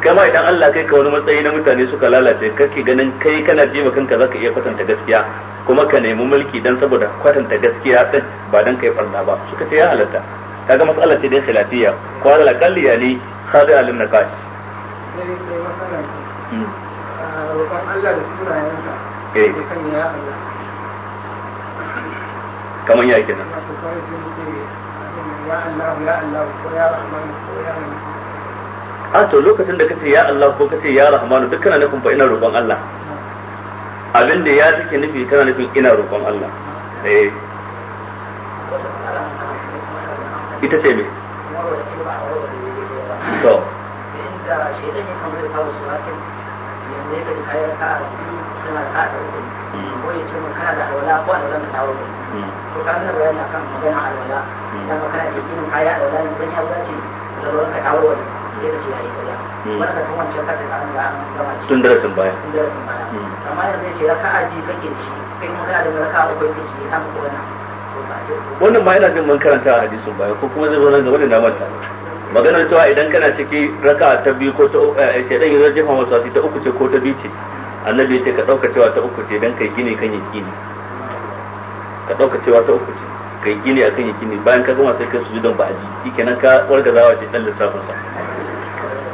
S1: kai ma idan Allah kai ka wani matsayi na mutane suka lalace kake ganin kai kana jima kanka zaka iya kwatanta gaskiya kuma ka nemi mulki dan saboda kwatanta gaskiya din ba dan kai farna ba suka ce ya halatta kaga matsalar ce dai khilafiyya ko ala ya ni khadi alim kai
S2: hmm. eh. kamar ya kenan ya Allah ya Allah ko ya Rahman ko ya Rahim
S1: a to lokacin da kace ya Allah ko kace ya Rahmanu duk kana nufin fa ina roƙon Allah abin da ya take nufi kana nufin ina roƙon Allah eh ita ce me to da shi da ke kamar da tsawo su ne ne da kayan ka'a da kuma da ta'a da ko ya ce mun kana da hawala ko a da ta'a da ko kuma kana da hawala kan magana a hawala idan ka kana da ikinin kaya a wala ne zan yi hawala ce da ka kawo wani Hmm. tun darasin baya hmm. amma yanzu ce raka a biyu kake da kai kuma kana da raka a uku kake ta muku wannan wannan ma yana jin mun karanta a hadisin baya ko kuma zai zo nan gaba da namar ta magana cewa idan kana ciki raka ta biyu ko ta uku ce eh, eh, dan yanzu jefa masa ta uku ce ko ta biyu ce annabi ce ka dauka cewa ta uku ce dan kai gini kan yakini ka dauka cewa ta uku ce kai gini akan yakini bayan ka gama sai ka sujudan ba'adi shikenan ka zawa ce dan lissafin sa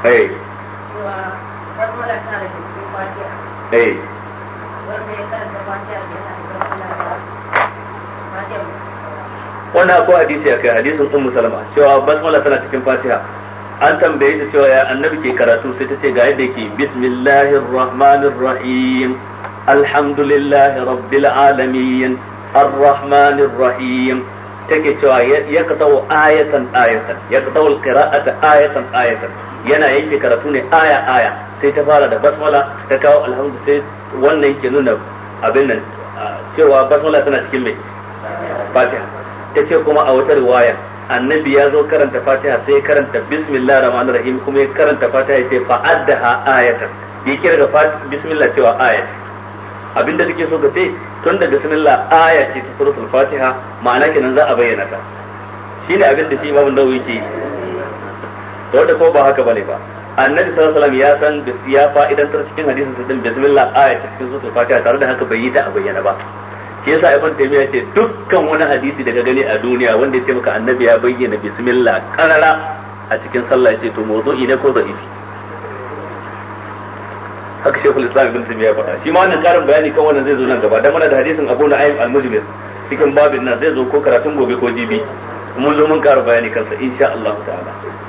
S1: eh eh wannan akwai hadisi ya kai hadisin ummu salama cewa basmala tana cikin fatiha an tambaye ta cewa ya annabi ke karatu sai ta ce ga yadda yake bismillahir rahmanir rahim alhamdulillahi rabbil alamin arrahmanir rahim take cewa ya katau ayatan ayatan ya katau alqira'ata ayatan ayatan yana yanke karatu ne aya aya sai ta fara da basmala ta kawo alhamdu sai wannan yake nuna abin nan cewa basmala tana cikin mai fatiha ta ce kuma a wata riwaya annabi ya zo karanta fatiha sai ya karanta bismillah rahman rahim kuma ya karanta fatiha sai ce fa'addaha ayatan ya kira da bismillah cewa aya Abin da take so ka ce tun da bismillah aya ce ta suratul fatiha ma'ana kenan za a bayyana ta shine abin da shi babu nawawi ke da wanda ko ba haka bane ba annabi sallallahu alaihi ya san da ya fa'idantar cikin hadisin sa din bismillah aya cikin suratul fatiha tare da haka bai yi ta a bayyana ba shi yasa ibn taymiya ce dukkan wani hadisi daga gani a duniya wanda ya ce maka annabi ya bayyana bismillah karara a cikin sallah yace to mawdu'i ne ko da'ifi haka shekul islam ibn taymiya faɗa shi ma wannan karin bayani kan wannan zai zo nan gaba dan mana da hadisin abu na'im al-mujmir cikin babin nan zai zo ko karatun gobe ko jibi mun zo mun ƙara bayani kansa insha Allah ta'ala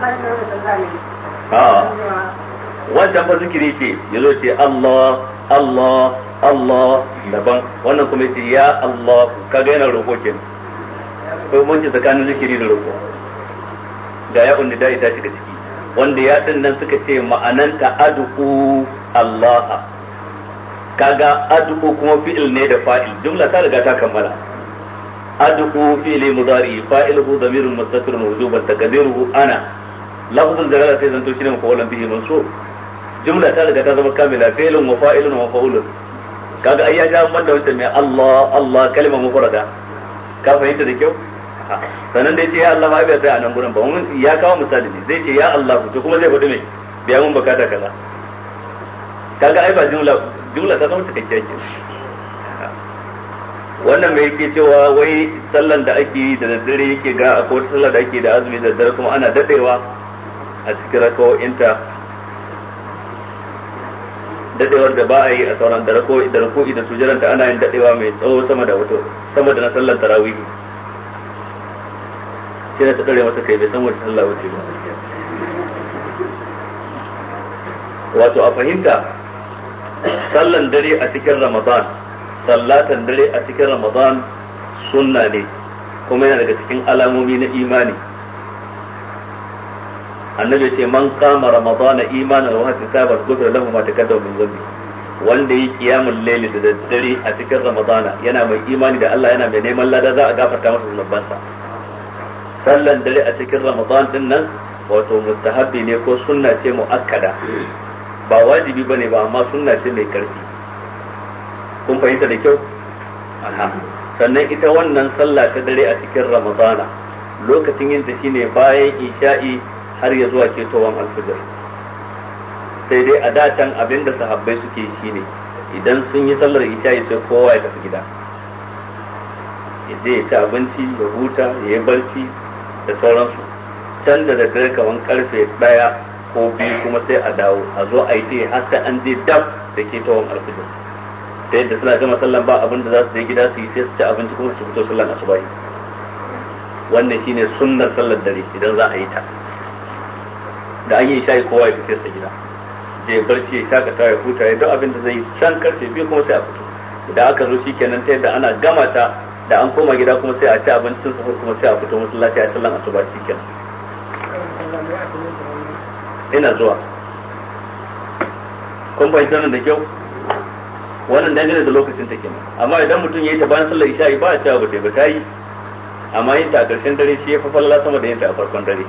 S2: a'a ah.
S1: wancan fa zikiri ce zo ce Allah Allah Allah daban wannan kuma ce ya Allah kaga yana roƙo ke. ko mun tsakanin zikiri da roƙo da ya unni da ita shiga ciki wanda ya din nan suka ce ma'ananta ad'u Allah kaga ad'u kuma fi'il ne da fa'il jumla ta riga ta kammala ad'u fi'li mudari fa'iluhu dhamirun mustatirun wujuban takdiruhu ana lafzul da sai zanto shine mafa'ulun bihi so jumla ta riga ta zama kamila fi'lun wa fa'ilun wa fa'ulun kaga ai ya ja banda wancan mai Allah Allah kalmar mufrada ka fahimta da kyau sanan dai ce ya Allah ba bai tsaya nan gurin ba mun ya kawo misali ne zai ce ya Allah ku kuma zai faɗi mai biya mun bukata kaza kaga ai ba jumla jumla ta zama cikakkiyar kenan wannan mai yake cewa wai sallan da ake yi da daddare yake ga akwai sallar da ake da azumi da daddare kuma ana dadewa a cikin rakabau-inta, dadewar da ba a yi a sauran da rako'i da rako'i da sujaranta ana yin dadewa mai tsawo sama da wato sama da na sallar tarawih kina ta dare masa kai bai san wata sallah wuce ba wato a fahimta sallan dare a cikin ramadan sallatan dare a cikin ramadan sunna ne kuma yana daga cikin alamomi na imani annabi ce man kama ramadana imanan wa hisaban ghufira lahu ma taqaddama min zambi wanda yi kiyamul layli da daddare a cikin ramadana yana mai imani da Allah yana mai neman lada za a gafarta masa zunubansa sallan dare a cikin ramadan din nan wato mustahabbi ne ko sunna ce muakkada ba wajibi bane ba amma sunna ce mai karfi kun fahimta da kyau sannan ita wannan sallah ta dare a cikin ramadana lokacin yin ta shine bayan isha'i har ya zuwa ketowar alfijir sai dai a datan abinda sahabbai suke shi ne idan sun yi sallar isha'i sai kowa ya tafi gida ya ta ci abinci ya huta ya yi barci da sauransu can da daddare kawan karfe daya ko biyu kuma sai a dawo a zo a yi ta har sai an je dab da ketowar alfijir ta yadda suna gama sallan ba abinda za su je gida su yi sai su ci abinci kuma su fito sallan asubahi wannan shine sunnar sallar dare idan za a yi ta da an yi shayi kowa ya fi sa gida je barci ya ta ya huta ya duk abin da zai can karfe biyu kuma sai a fito da aka zo shikenan ta yadda ana gama ta da an koma gida kuma sai a ci abincin sahur kuma sai a fito masallaci a sallan asuba shikenan ina zuwa kun fahimta nan da kyau wannan dangane da lokacin ta kenan amma idan mutum ya yi ta bayan sallar isha'i ba a cewa ba ta yi ba ta yi amma yin ta a ƙarshen dare shi ya fafalla sama da yin ta a farkon dare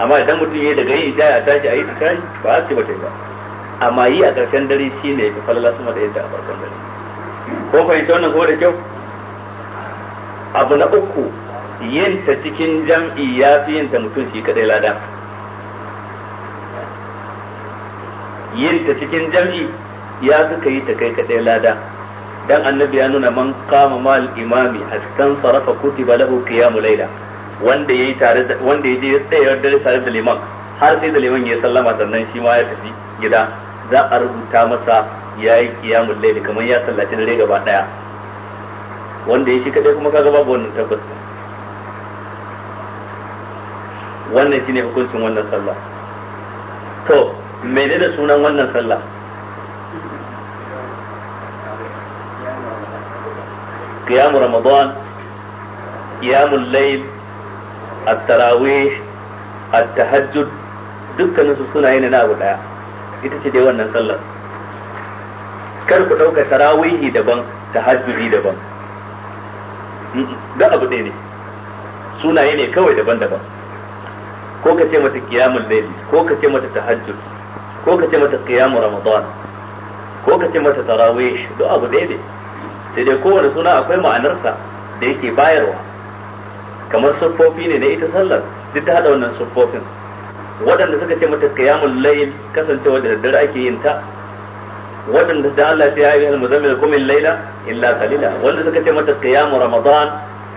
S1: amma idan mutum yi daga yin isha a shi a yi ta ba a ce mata ba amma yi a ƙarshen dare shi ne ya fi falala sama da yadda a farkon dare ko fahimta wannan ko da kyau abu na uku yin ta cikin jam'i ya fi yin ta mutum shi kadai lada yin ta cikin jam'i ya suka yi ta kai kadai lada dan annabi ya nuna man kama mal imami hatta sarafa kutiba lahu qiyamul layla wanda ya tare da wanda ya je tsayar dare tare da liman har sai da liman ya sallama sannan shi ma ya tafi gida za a rubuta masa ya yi kiyamun laili kamar ya sallaci dare gaba daya wanda ya shi kadai kuma kaga babu wannan tabbas wannan shine hukuncin wannan sallah to menene sunan wannan sallah قيام Ramadan قيام layl at-tarawih at-tahajjud dukkanin su suna yin na abu daya ita ce dai wannan sallar kar ku dauka tarawihi daban tahajjudi daban da abu ɗaya ne sunaye ne kawai daban-daban ko ka ce mata qiyamul layl ko ka ce mata tahajjud ko ka ce mata qiyamul ramadan ko ka ce mata tarawih duk abu ɗaya ne sai dai kowane suna akwai ma'anarsa da yake bayarwa kamar sufofi ne na ita sallar duk ta hada wannan sufofin waɗanda suka ce mata kiyamul layl kasancewa da daddare ake yin ta waɗanda da Allah ta yi al muzammil kum layla illa qalila wanda suka ce mata kiyamul ramadan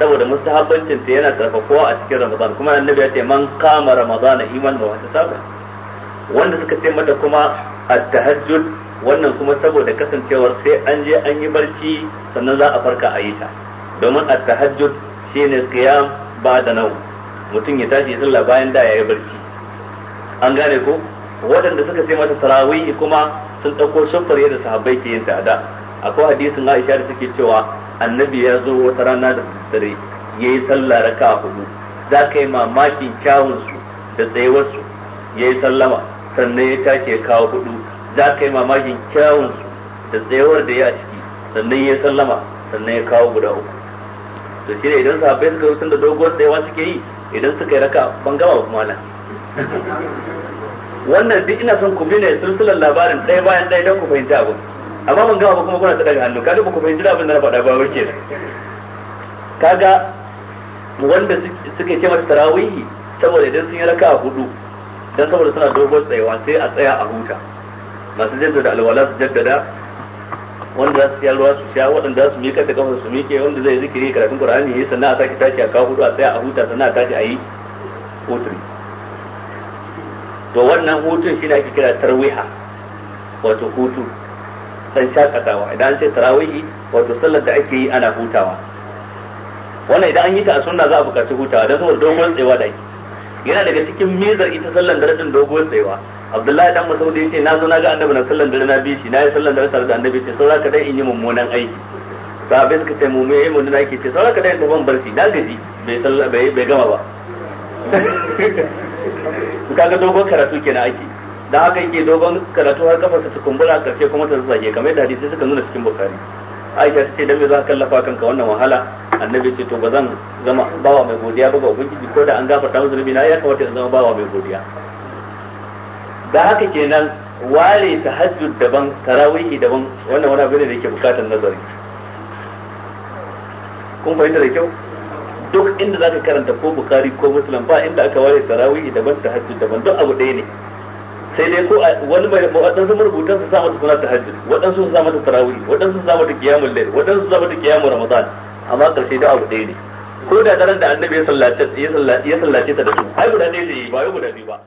S1: saboda mustahabbancin ta yana karfafuwa a cikin ramadan kuma annabi ya ce man kama ramadan iman wa ihtisaba wanda suka ce mata kuma at tahajjud wannan kuma saboda kasancewar sai an je an yi barci sannan za a farka a yi ta domin at tahajjud shine qiyam ba da nau mutum ya tashi ya sallah bayan da ya yi barci an gane ko waɗanda suka sai mata tarawih kuma sun ɗauko shafar yadda sahabbai ke yin ta da akwai hadisin Aisha da take cewa annabi ya zo wata rana da dare yayi sallah raka hudu za ka yi mamakin kyawun su da tsayuwar su yayi sallama sannan ya tashi ya kawo hudu za ka yi mamakin kyawun su da tsayuwar da ya a ciki sannan ya sallama sannan ya kawo guda uku to shi ne idan sahabbai suka wutar da doguwar tsayawa suke yi idan suka yi raka ban gama kuma nan wannan duk ina son ku bi ne sulsulan labarin ɗaya bayan ɗaya don ku fahimci abu amma ban gama ba kuma kuna ta daga hannu kaga ba ku fahimci abin da na faɗa ba wuce kaga wanda suke ce masa tarawihi saboda idan sun yi raka a hudu dan saboda suna dogon tsayawa sai a tsaya a huta masu jaddada alwala su jaddada wanda za su siya ruwa su siya waɗanda za su miƙa da kafa su miƙe wanda zai zikiri karatun qur'ani ya sannan a sake tashi a kawo hudu a tsaya a huta sannan a tashi a yi hutun to wannan hutun shi ne ake kira tarwiha wato hutu san shakatawa idan an ce tarawihi wato sallar da ake yi ana hutawa wannan idan an yi ta a sunna za a buƙaci hutawa don saboda dogon tsayawa da ake yana daga cikin mizar ita sallar darasin dogon tsayawa abdullahi dan masaudi yace na zo na ga annabi na sallan dare na bi shi na yi sallan dare tare da annabi ce saura ka dai in yi mummunan aiki sahabbai suka ce mummai yayi eh, mummunan aiki ce saura ka dai ban barci na gaji bai sallah bai bai gama ba kaga dogon karatu kenan aiki dan haka yake dogon karatu har kafa ta kumbura karshe kuma ta zage kamar da hadisi suka nuna cikin bukari Aisha ta ce dan me za ka kallafa kanka wannan wahala annabi ce to ba zan zama bawa mai godiya ba ga ubangiji ko da an gafarta mu zunubi na ya kamata in zama bawa mai godiya da haka kenan ware tahajjud daban tarawihi daban wannan wani abu ne da yake bukatar nazari kun fahimta da kyau duk inda zaka karanta ko bukari ko muslim ba inda aka ware tarawihi daban tahajjud daban duk abu ɗaya ne sai dai ko wani mai waɗansu marubutan su sa mata suna tahajjud waɗansu su sa mata tarawih waɗansu su sa mata qiyamul layl waɗansu su sa mata qiyamul ramadan amma karshe da abu ɗaya ne ko da daren da annabi ya sallace ta da su ai guda
S2: ɗaya ne ba yau guda biyu ba